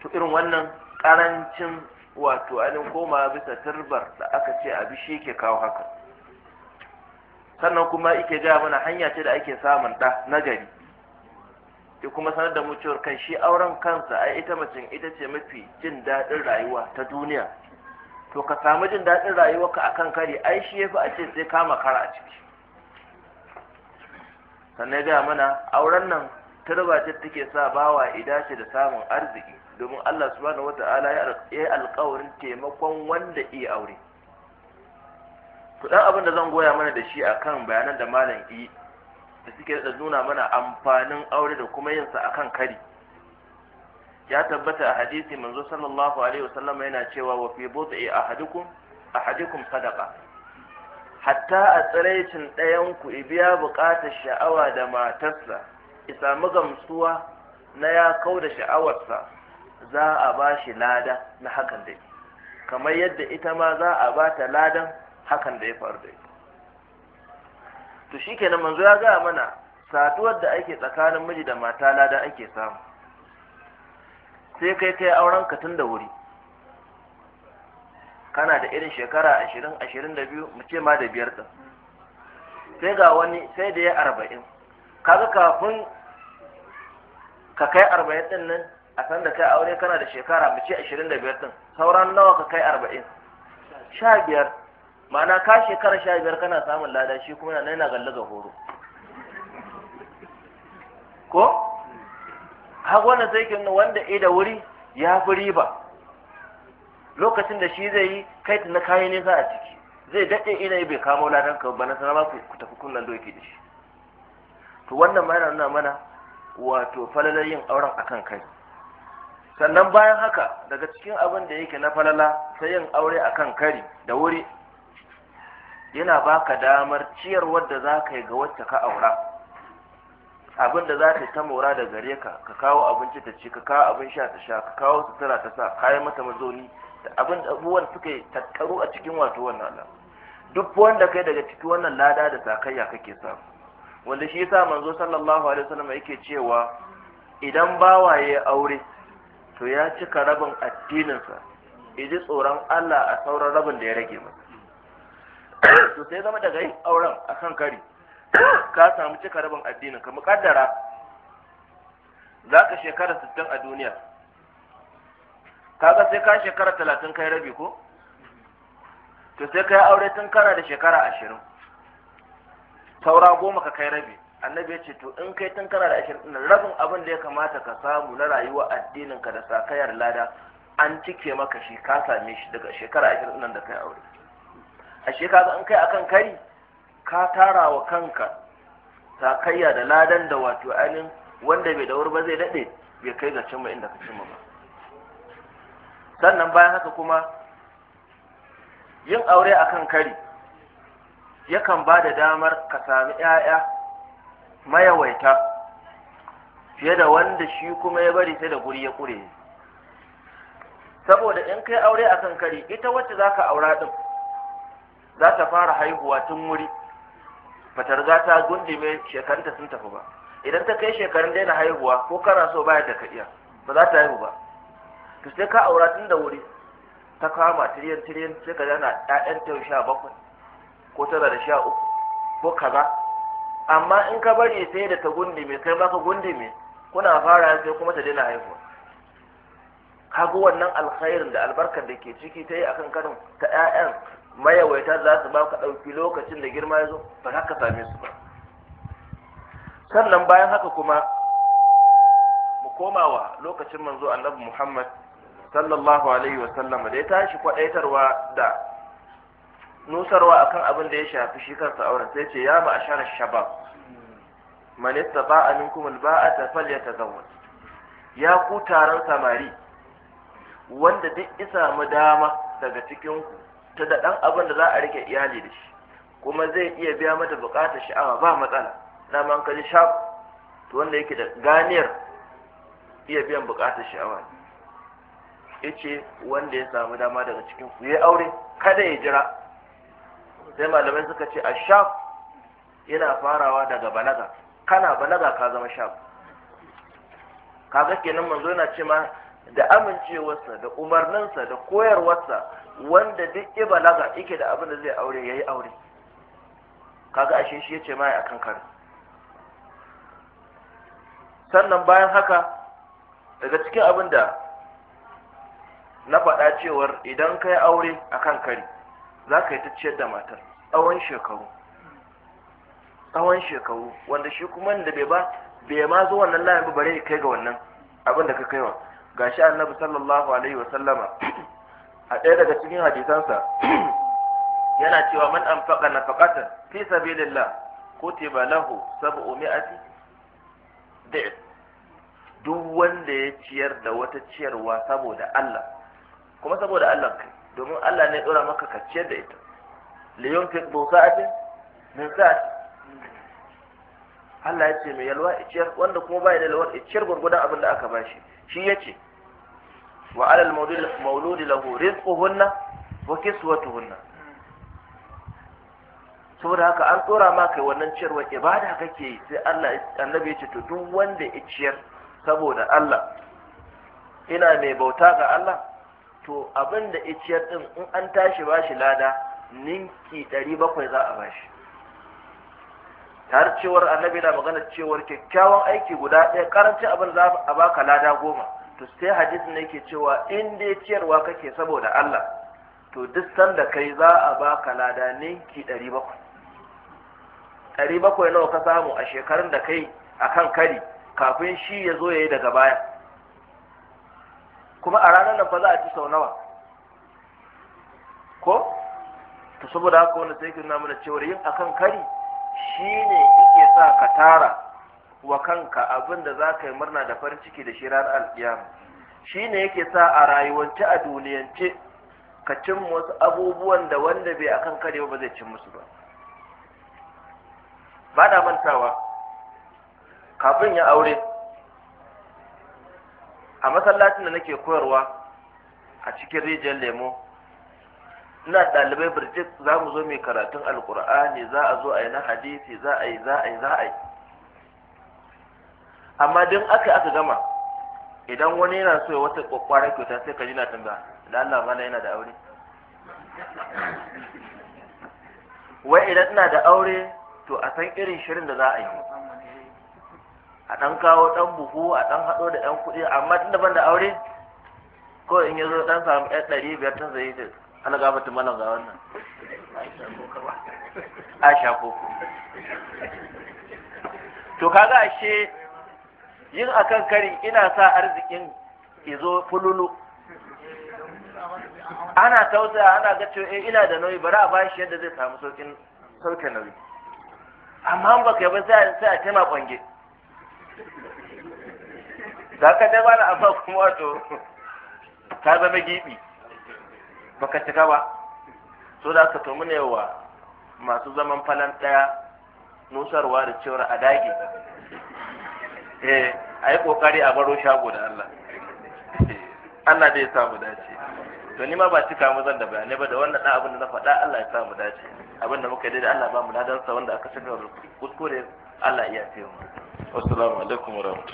to irin wannan ƙarancin wato ainihin koma bisa turbar da aka ce a shi ke kawo haka sannan kuma ike gaya mana hanya ce da ake samun ɗa na gari ya kuma sanar da mu cewar kai shi auren kansa ai ita mace ita ce mafi jin daɗin rayuwa ta duniya to ka samu jin daɗin rayuwa ka akan kare ai shi yafi a ce sai ka kara a ciki sannan gaya mana auren nan turba ce take sa bawa idace da samun arziki domin Allah subhanahu wata'ala ya yi alkawarin taimakon wanda iya aure to abin da zan goya mana da shi akan bayanan da malam da suke da nuna mana amfanin aure da kuma yin sa akan kari ya tabbata a hadisi manzo sallallahu alaihi wasallam yana cewa wa fi bud'i ahadukum ahadukum sadaqa hatta a tsiraicin ɗayan ku biya buƙatar sha'awa da matarsa isa gamsuwa na ya kau da sha'awarsa za a ba shi lada na hakan da kamar yadda ita ma za a ba ta ladan hakan da ya faru da ita to shikenan manzo ya gaya mana saduwar da ake tsakanin miji da mata lada ake samu sai kai kai auren ka tun da wuri kana da irin shekara ashirin ashirin da biyu mu ce ma da biyar din. sai ga wani sai da ya arba'in kaga kafin ka kai arba'in din nan a san da kai aure kana da shekara mu ce ashirin da biyar sauran nawa ka kai arba'in sha biyar ma'ana ka shekara sha biyar kana samun lada shi kuma yana yana ga horo ko har wannan sai kin wanda eh da wuri ya fi riba lokacin da shi zai yi kai na kayan nesa a ciki zai daɗe ina bai kamo ladan ka ba na maka ku tafi kunnan doki da shi to wannan ma yana nuna mana wato falalar yin auren akan kai sannan bayan haka daga cikin abin da yake na falala sai yin aure akan kari da wuri yana baka damar ciyar wadda za ka yi ga wacce ka aura abin da za ta ta mora da gare ka ka kawo abinci ta ci ka kawo abin sha ta sha ka kawo sutura ta sa kayan mata mazoni da abin abubuwan suka yi tattaro a cikin wato wannan lada duk wanda kai daga cikin wannan lada da takayya kake sa wanda shi yasa manzo sallallahu alaihi wasallam yake cewa idan waye aure to ya cika rabin addininsa idi tsoron Allah a sauran rabin da ya rage masa to sai zama daga yin auren akan kari ka samu cika rabin addinin ka muƙaddara za ka shekara sittin a duniya kaga sai ka shekara talatin kai rabi ko to sai kai aure tun kana da shekara ashirin saura goma ka kai rabi annabi ya ce to in kai tun kana da ashirin ɗin rabin abin da ya kamata ka samu na rayuwa addinin ka da sakayar lada an cike maka shi ka same shi daga shekara ashirin ɗin da kai aure ashe ga in kai akan kari ka tara wa kanka takayya da ladan da wato ainihin wanda bai dauri ba zai daɗe bai kai ga cimma inda ka cimma ba sannan bayan haka kuma yin aure akan kari yakan ba da damar ka sami 'ya'ya mayawaita fiye da wanda shi kuma ya bari sai da guri ya ƙure saboda in kai aure akan kari ita wacce za ka aura ɗin za ta fara haihuwa tun wuri ba ta gundi ta gundume shekarunta sun tafi ba idan ta kai shekarun daina haihuwa ko kana so baya da ka iya ba za ta haihu ba to sai ka aura tun da wuri ta kama tiriyan tiriyan sai ka zana ɗaɗen ta sha bakwai ko tara da sha uku ko kaza amma in ka bari sai da ta gundume kai ba ka gundume kuna fara sai kuma ta daina haihuwa kaga wannan alkhairin da albarkar da ke ciki ta yi akan karin ta 'ya'yan mayawaita za su ba ka ɗauki lokacin da girma ya zo ba za ka same su ba sannan bayan haka kuma mu wa lokacin manzo annabi muhammad sallallahu alaihi wa sallam da ya tashi kwaɗaitarwa da nusarwa akan abin da ya shafi shi kansa auren sai ce ya ma'ashara shabab man istata'a minkum alba'ata falyatazawwaj ya ku taron samari wanda duk isa mu dama daga cikin ku ta da ɗan abin da za a rike iyali da shi kuma zai iya biya mata buƙatar sha'awa ba matsala na man kaji shaf to wanda yake da ganiyar iya biyan buƙatar sha'awa yace wanda ya samu dama daga cikin ku yayi aure kada ya jira sai malamai suka ce a shaf yana farawa daga balaga kana balaga ka zama shaf kaga kenan manzo yana ce ma da amincewarsa da umarninsa da koyarwarsa wanda duk ya balaga yake da abin da zai aure ya yi aure kaga ashe shi ya ce mai kan kare sannan bayan haka daga cikin abin da na faɗa cewar idan ka yi aure a kan kare za ka yi ta ciyar da matar tsawon shekaru tsawon shekaru wanda shi kuma da bai ba bai ma zo wannan layin ba bare kai ga wannan abin da ka kaiwa gashi annabi sallallahu alaihi wasallama a ɗaya daga cikin hadisansa yana cewa man anfaqa nafaqatan fi sabilillah kutiba lahu sab'u mi'ati di'f duk wanda ya ciyar da wata ciyarwa saboda Allah kuma saboda Allah kai domin Allah ne ya dora maka ka ciyar da ita li yunfiq a cikin? min sa'ati Allah ya ce mai yalwa ciyar wanda kuma bai da lawar ciyar gurgudan abin da aka bashi shi ya ce wa alal mauludi lahu rizquhunna wa kiswatuhunna saboda haka an tsora ma kai wannan ciyarwa ibada kake yi sai Allah annabi ya to duk wanda ya ciyar saboda Allah ina mai bauta ga Allah to abin da ya ciyar din in an tashi bashi lada ninki ɗari bakwai za a bashi har cewar annabi na magana cewar kyakkyawan aiki guda ɗaya karancin abin za a baka lada goma to sai hadisi ne yake cewa in dai ciyarwa kake saboda Allah to duk sanda kai za a ka lada ninki ɗari bakwai ɗari bakwai nawa ka samu a shekarun da kai akan kari kafin shi ya zo ya yi daga baya kuma a ranar nan fa za a ci sau nawa ko to saboda haka wanda sai kin mana cewar yin akan kari shine yake sa ka tara wa kanka abin da za ka yi murna da farin ciki da shi ranar alkiyama shi ne yake sa a rayuwance a duniyance ka cin wasu abubuwan da wanda bai akan kare ba zai cin musu ba ba na mantawa kafin ya aure a masallacin da nake koyarwa a cikin rijiyar lemo ina ɗalibai birjik za mu zo mai karatun alkur'ani za a zo a yi na hadisi za a yi za a yi za a yi amma don aka aka gama idan wani yana so ya wata kwakwara kyauta sai ka ji na tambaya da Allah mala yana da aure wai idan ina da aure to a san irin shirin da za a yi a ɗan kawo ɗan buhu a ɗan haɗo da ɗan kuɗi amma tun da ban da aure ko in ya zo ɗan samu ɗan ɗari biyar tun zai yi ana gafa ta mana ga wannan a shafo to kaga ashe yin akan kari ina sa arzikin izo fululu ana tausaya ana ga cewa eh ina da nauyi bari a bashi yadda zai samu saukin sauke nauyi amma ba kai ba sai sai a tema kwange da ka dai bana amma kuma wato Ta zama gibi baka cika ba so da ka to mune wa masu zaman falan daya nusarwa da cewar a dage eh a yi kokari a baro shago da Allah eh, Allah dai ya samu dace to ni ma ba cika mu zan da bayani ba da wannan dan abin da na faɗa Allah ya samu dace abin da muka yi da Allah ba mu ladan sa wanda aka saka kuskure Allah ya yafe mu assalamu alaikum wa rahmatullahi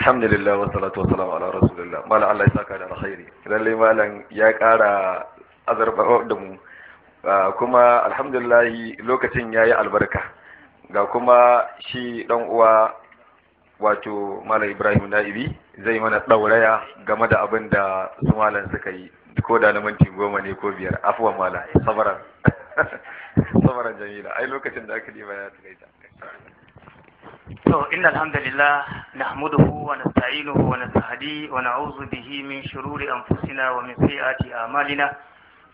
alhamdulillah wa salatu wa salam ala rasulillah malam Allah ya saka da alkhairi lalle malam ya kara azarba da mu ah, kuma alhamdulillah lokacin yayi albarka ga kuma shi dan uwa wato Malam Ibrahim Na'ibi zai mana ɗauraya game da abin da su malam suka yi ko da na minti goma ne ko biyar afuwa mala sabaran sabaran jamila ai lokacin da aka yi baya ta gaita to inna alhamdulillah nahmaduhu wa nasta'inuhu wa nastahdi wa na'udhu bihi min shururi anfusina wa min sayyiati a'malina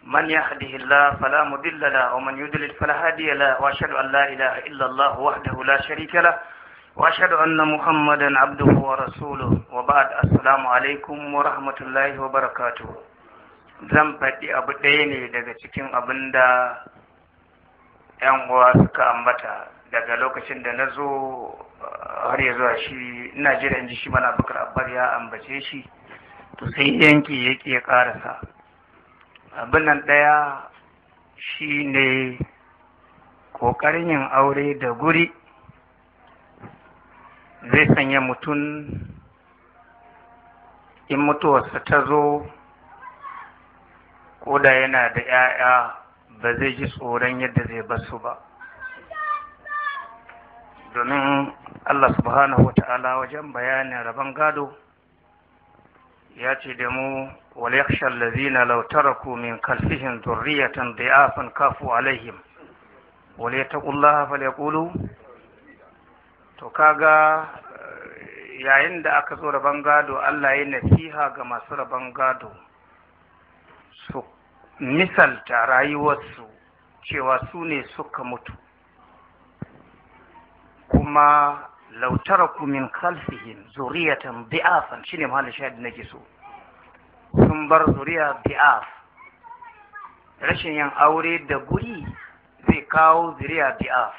من يهده الله فلا مضل له ومن يضلل فلا هادي له واشهد ان لا اله الا الله وحده لا شريك له واشهد ان محمدا عبده ورسوله وبعد السلام عليكم ورحمه الله وبركاته zan faɗi abu ɗaya ne daga cikin abin da 'yan uwa suka ambata daga lokacin da na zo har ya zuwa shi ina jira in ji shi mana bakar abbar ya ambace shi to sai yanki yake ya ƙarasa abin nan ɗaya shi ne ƙoƙarin yin aure da guri zai sanya mutum in mutuwarsa ta zo ko da yana da 'ya'ya ba zai ji tsoron yadda zai basu ba domin allah subhanahu wa ta'ala wajen bayanin rabon gado ya ce da mu وليخشى الذين لو تركوا من خلفهم ذرية ضعافا كافوا عليهم وليتقوا الله فليقولوا to kaga eh, yayin da aka zo rabon gado Allah ya nasiha ga masu rabon gado su misalta rayuwarsu cewa su ne suka mutu kuma lautara min kalfihin zuriyatan bi'afan shine mahallin shahid nake so sun bar zuriya bi'af rashin yin aure da guri zai kawo zuriya bi'af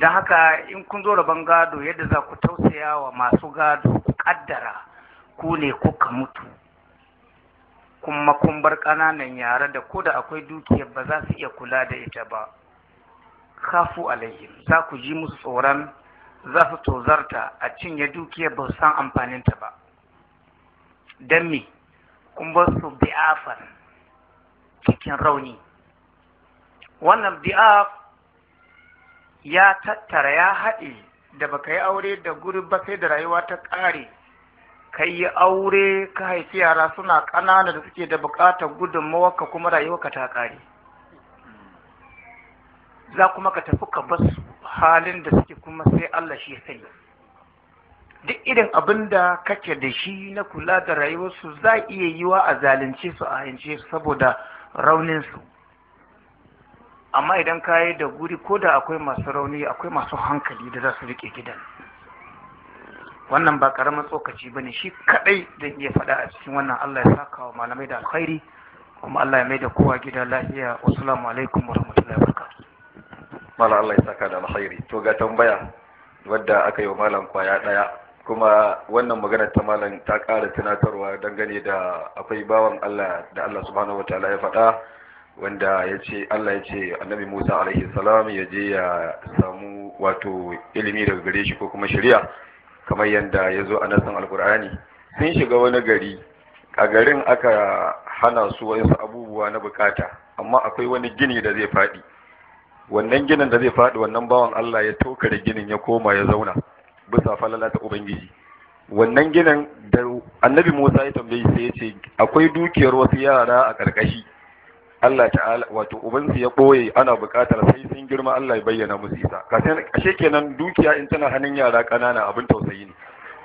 da haka in kun zo rabon gado yadda za ku tausaya wa masu gado ku kaddara ku ne kuka mutu kuma kun bar ƙananan yare da ko da akwai dukiyar ba za su iya kula da ita ba kafu alaihim za ku ji musu tsoron za su tozarta a cinye dukiyar ba san amfaninta ba Dammi, me kun ba su bi'afar cikin rauni wannan bi'af ya tattara ya haɗe da baka yi aure da guri ba sai da rayuwa ta ƙare ka yi aure ka haifi yara suna ƙanana da suke da buƙatar mawaka, kuma rayuwarka ta ƙare za kuma ka tafi ka basu halin da suke kuma sai Allah shi ya sani duk irin abin da kake da shi na kula da rayuwarsu za iya yiwa a zalunce su a hanci saboda rauninsu amma idan ka yi da guri ko da akwai masu rauni akwai masu hankali da za su riƙe gidan wannan ba ƙaramin tsokaci ba ne shi kaɗai zan iya faɗa a cikin wannan allah ya saka wa malamai da alkhairi kuma allah ya mai da kowa gida lafiya wasu alaikum wa rahmatullahi wa mala allah ya saka da alkhairi to ga tambaya wadda aka yi wa malam kwaya ɗaya kuma wannan magana ta malam ta ƙara tunatarwa dangane da akwai bawan Allah da Allah subhanahu ta'ala ya faɗa wanda ya ce Allah ya ce annabi Musa alaihi salam ya je ya samu wato ilimi daga gare shi ko kuma shari'a kamar yadda ya zo a nasan alkur'ani sun shiga wani gari a garin aka hana su wasu abubuwa na bukata amma akwai wani gini da zai faɗi wannan ginin da zai faɗi wannan bawan Allah ya toka da ginin ya koma ya zauna bisa falala ta ubangiji wannan ginin da annabi Musa ya tambayi sai ya ce akwai dukiyar wasu yara a karkashi Allah ta'ala wato ubansu ya ɓoye ana buƙatar sai sun girma Allah ya bayyana musu isa kasan kenan dukiya in tana hannun yara ƙanana abin tausayi ne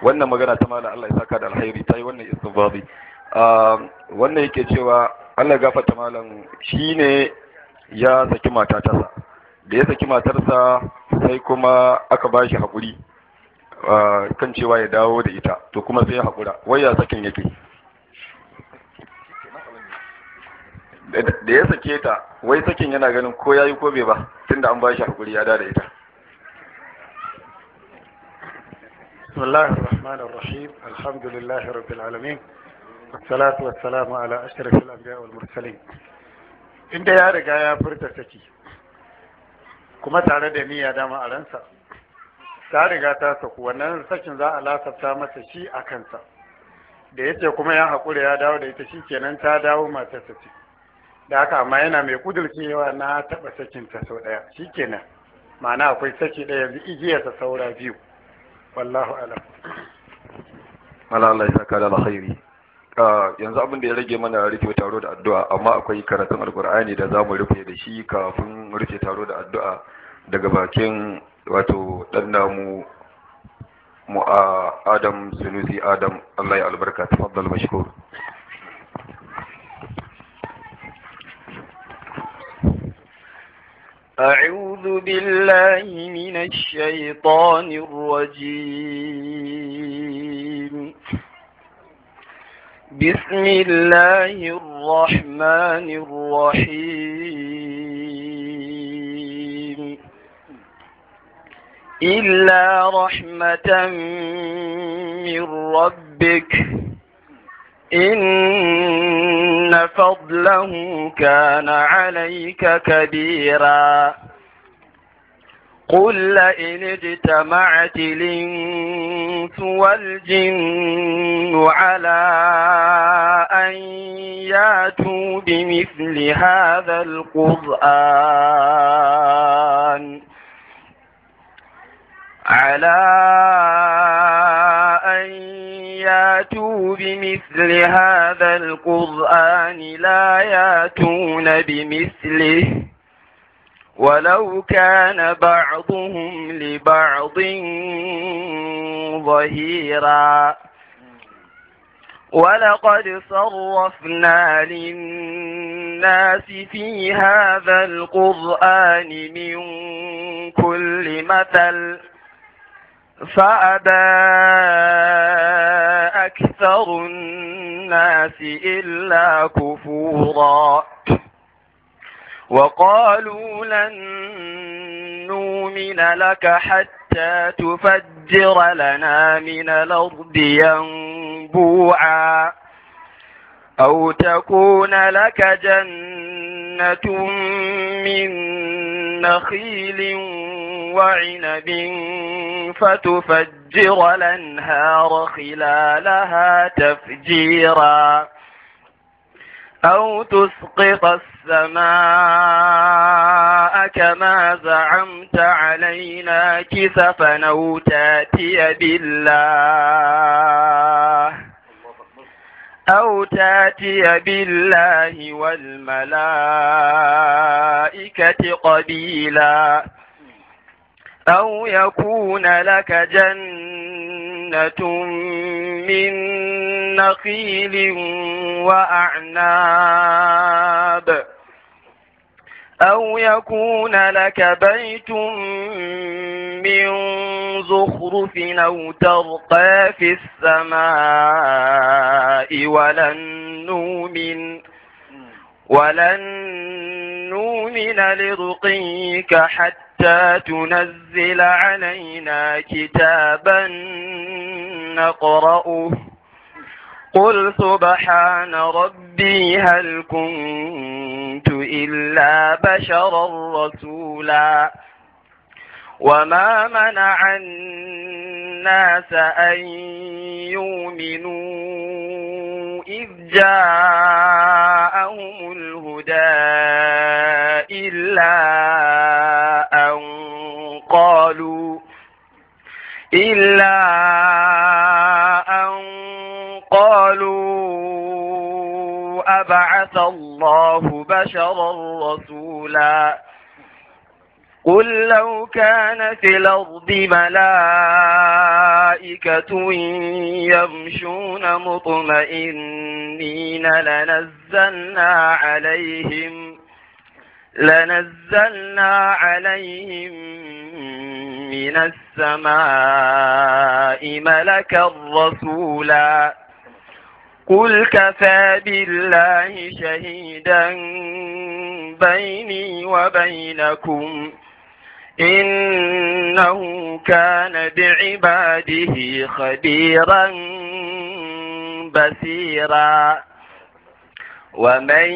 wannan magana ta mala Allah ya saka da ta yi wannan istinbazi ah, wannan yake cewa Allah gafarta malam shine ya saki mata tasa da ya saki matarsa sai kuma aka bashi haƙuri kan cewa ya dawo da ita to kuma sai ya haƙura wai ya sakin yake da ya sake ta wai sakin yana ganin ko ya yi ko ba ba tunda an ba shi haƙuri ya da ita salatu الله الرحمن الرحيم الحمد لله رب العالمين والصلاة inda ya riga ya furta saki kuma tare da niyya dama a ransa ta riga ta saku wannan sakin za a lasafta masa shi a kansa da yake kuma ya haƙura ya dawo da ita shi kenan ta dawo mata ce da haka amma yana mai yawa na taɓa sakinta sau ɗaya shi kenan ma'ana akwai saki ɗaya yanzu ta saura biyu wallahu alam Allah Allah ya saka da alkhairi ah, yanzu abin da ya rage mana rufe taro da addu'a amma akwai karatun alkur'ani da zamu rufe da shi kafin rufe taro da addu'a daga bakin wato dan namu mu a adam sunusi adam allah ya albarka tafaddal mashkur أعوذ بالله من الشيطان الرجيم بسم الله الرحمن الرحيم إلا رحمة من ربك إن فضله كان عليك كبيرا قل لئن اجتمعت الإنس والجن على أن ياتوا بمثل هذا القرآن على أن ياتوا بمثل هذا القرآن لا ياتون بمثله ولو كان بعضهم لبعض ظهيرا ولقد صرفنا للناس في هذا القرآن من كل مثل فأبى أكثر الناس إلا كفورا وقالوا لن نؤمن لك حتى تفجر لنا من الأرض ينبوعا أو تكون لك جنة من نخيل وعنب فتفجر الانهار خلالها تفجيرا أو تسقط السماء كما زعمت علينا كسفا أو تاتي بالله أو تاتي بالله والملائكة قبيلا أو يكون لك جنة من نخيل وأعناب أو يكون لك بيت من زخرف أو ترقى في السماء ولن نؤمن ولن نؤمن لرقيك حتى تنزل علينا كتابا نقرأه قل سبحان ربي هل كنت إلا بشرا رسولا وما منع الناس أن يؤمنوا إذ جاءهم الهدى إلا بعث الله بشرا رسولا قل لو كان في الأرض ملائكة يمشون مطمئنين لنزلنا عليهم لنزلنا عليهم من السماء ملكا رسولا قل كفى بالله شهيدا بيني وبينكم إنه كان بعباده خبيرا بصيرا ومن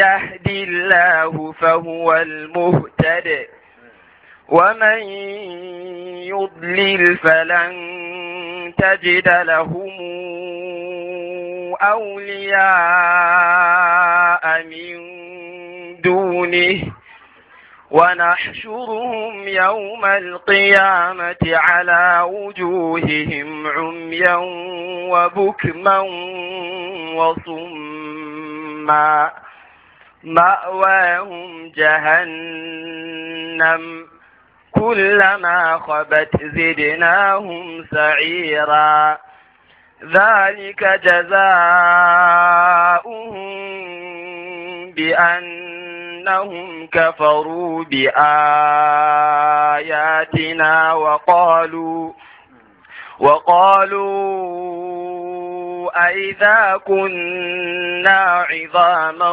يهد الله فهو المهتد ومن يضلل فلن تجد لهم أولياء من دونه ونحشرهم يوم القيامة على وجوههم عميا وبكما وصما مأواهم جهنم كلما خبت زدناهم سعيرا ذلك جزاؤهم بأنهم كفروا بآياتنا وقالوا وقالوا أئذا كنا عظاما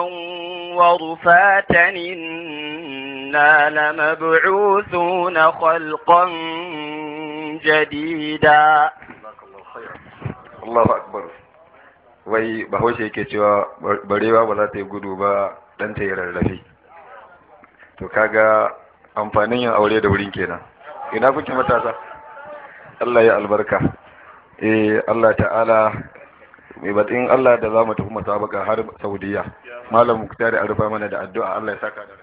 ورفاتا إنا لمبعوثون خلقا جديدا Allahu akbar wai bahaushe yake cewa barewa ba za ta yi gudu ba dan ta yi rarrafe to kaga amfanin yin aure da wurin kenan ina kuke matasa Allah ya albarka eh Allah ta'ala mai batun Allah da za mu tafi musabaka har Saudiya malam Muktari a rufa mana da addu'a Allah ya saka da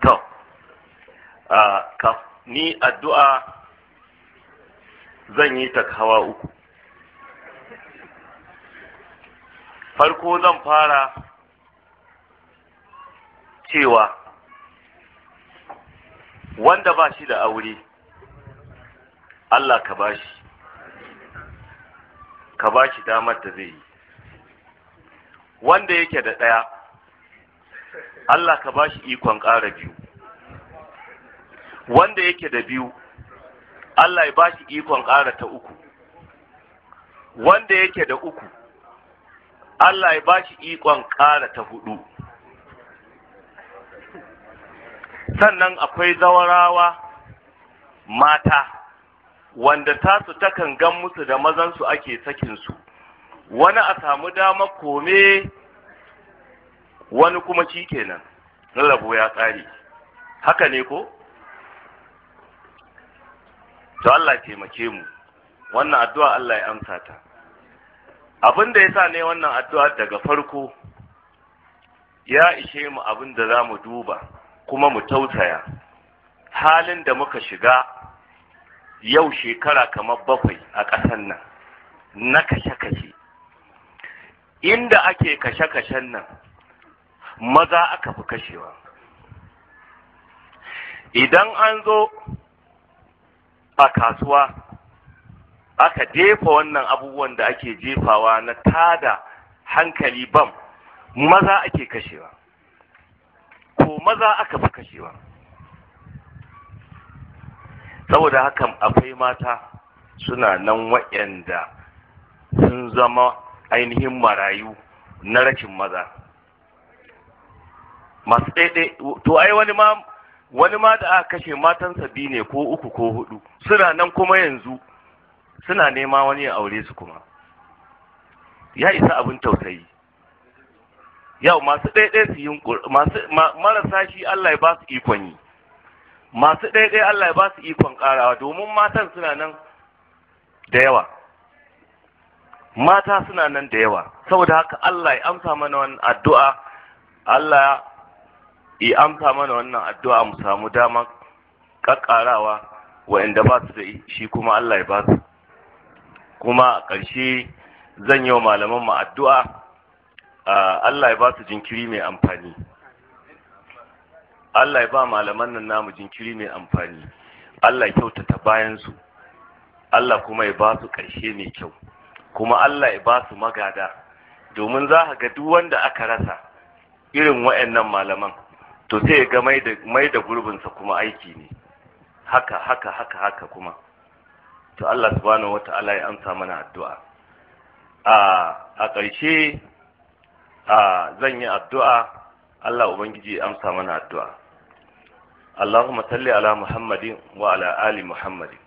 to ah, ni addu'a zan yi ta hawa uku farko zan fara cewa wanda ba shi da aure Allah ka ba shi ka ba shi damar da zai yi wanda yake da ɗaya Allah ka ba shi ikon ƙara biyu wanda yake da biyu Allah ya bashi ikon ƙara ta uku wanda yake da uku Allah ya bashi ikon ƙara ta hudu sannan akwai zawarawa mata wanda tasu takan gan musu da mazansu ake sakinsu wani a samu dama kome wani kuma shi kenan na rabo ya tsari haka ne ko to Allah taimake mu wannan addu'a Allah ya amsa ta abin da yasa ne wannan addu'a daga farko ya ishe mu abin da za mu duba kuma mu tausaya halin da muka shiga yau shekara kamar bakwai a ƙasar nan na kashe-kashe inda ake kashe-kashen nan maza aka fi kashewa idan an zo a kasuwa aka jefa wannan abubuwan da ake jefawa na tada hankali bam maza ake kashewa ko maza aka fi kashewa saboda hakan akwai mata suna nan waɗanda sun zama ainihin marayu na rashin maza masu ɗaiɗai to ai wani ma wani ma da aka kashe matansa sabi ne ko uku ko hudu suna nan kuma yanzu suna nema wani ya aure su kuma ya isa abin tausayi yau masu ɗaiɗai su yi masu marasa shi Allah ya ba su ikon yi masu ɗaiɗai Allah ya ba su ikon ƙarawa domin matan suna nan da yawa mata suna nan da yawa saboda haka Allah ya amsa mana wannan addu'a Allah yi amsa mana wannan addu'a mu samu dama kakkarawa wa’inda ba su da shi kuma Allah ya ba su kuma a ƙarshe zan yi wa malaman mu addu'a Allah ya ba su jinkiri mai amfani Allah ya ba malaman nan namu jinkiri mai amfani Allah ya kyautata bayan su Allah kuma ya ba su ƙarshe mai kyau kuma Allah ya ba su magada domin za ka ga duk wanda aka rasa irin waɗannan malaman to sai ga mai da gurbinsa kuma aiki ne haka haka haka haka kuma to Allah subhanahu wata'ala ya amsa mana addu'a a ƙarshe zan yi addu'a Allah ubangiji ya amsa mana addu'a Allahumma salli ala Muhammadin wa ala ali Muhammadin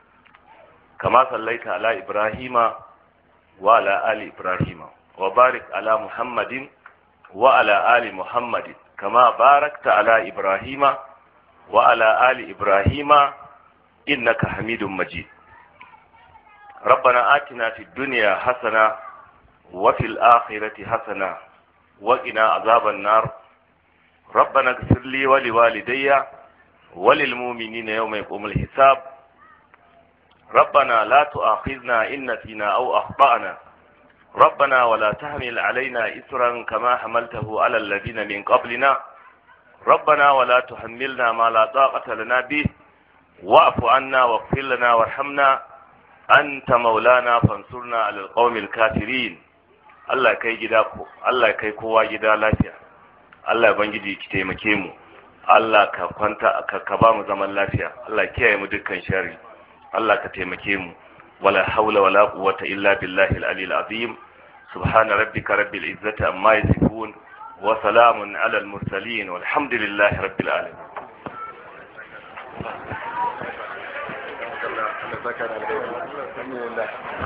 kama sallaita ala Ibrahima wa ala ali Ibrahima wa barik ala Muhammadin wa ala ali Muhammadin كما باركت على إبراهيم وعلى آل إبراهيم إنك حميد مجيد ربنا آتنا في الدنيا حسنة وفي الآخرة حسنة وقنا عذاب النار ربنا اغفر لي ولوالدي وللمؤمنين يوم يقوم الحساب ربنا لا تؤاخذنا إن فينا أو أخطأنا ربنا ولا تحمل علينا إسرا كما حملته على الذين من قبلنا ربنا ولا تحملنا ما لا طاقة لنا به واعف عنا واغفر لنا وارحمنا أنت مولانا فانصرنا على القوم الكافرين Allah kai gida ko Allah kai kowa gida lafiya Allah bangiji ki taimake mu Allah ka kwanta ka, ka ba zaman lafiya Allah kiyaye mu dukkan shari Allah ka taimake mu ولا حول ولا قوة إلا بالله العلي العظيم سبحان ربك رب العزة عما يصفون وسلام على المرسلين والحمد لله رب العالمين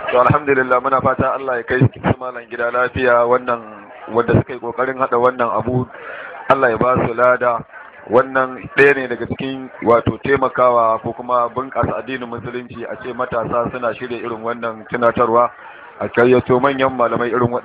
to alhamdulillah muna fata Allah ya kai su malam gida lafiya wannan wanda suka yi kokarin hada wannan abu Allah ya ba su lada wannan ɗaya ne daga cikin wato taimakawa ko kuma bunƙasa addinin musulunci a ce matasa suna shirya irin wannan tunatarwa a kayyato manyan malamai irin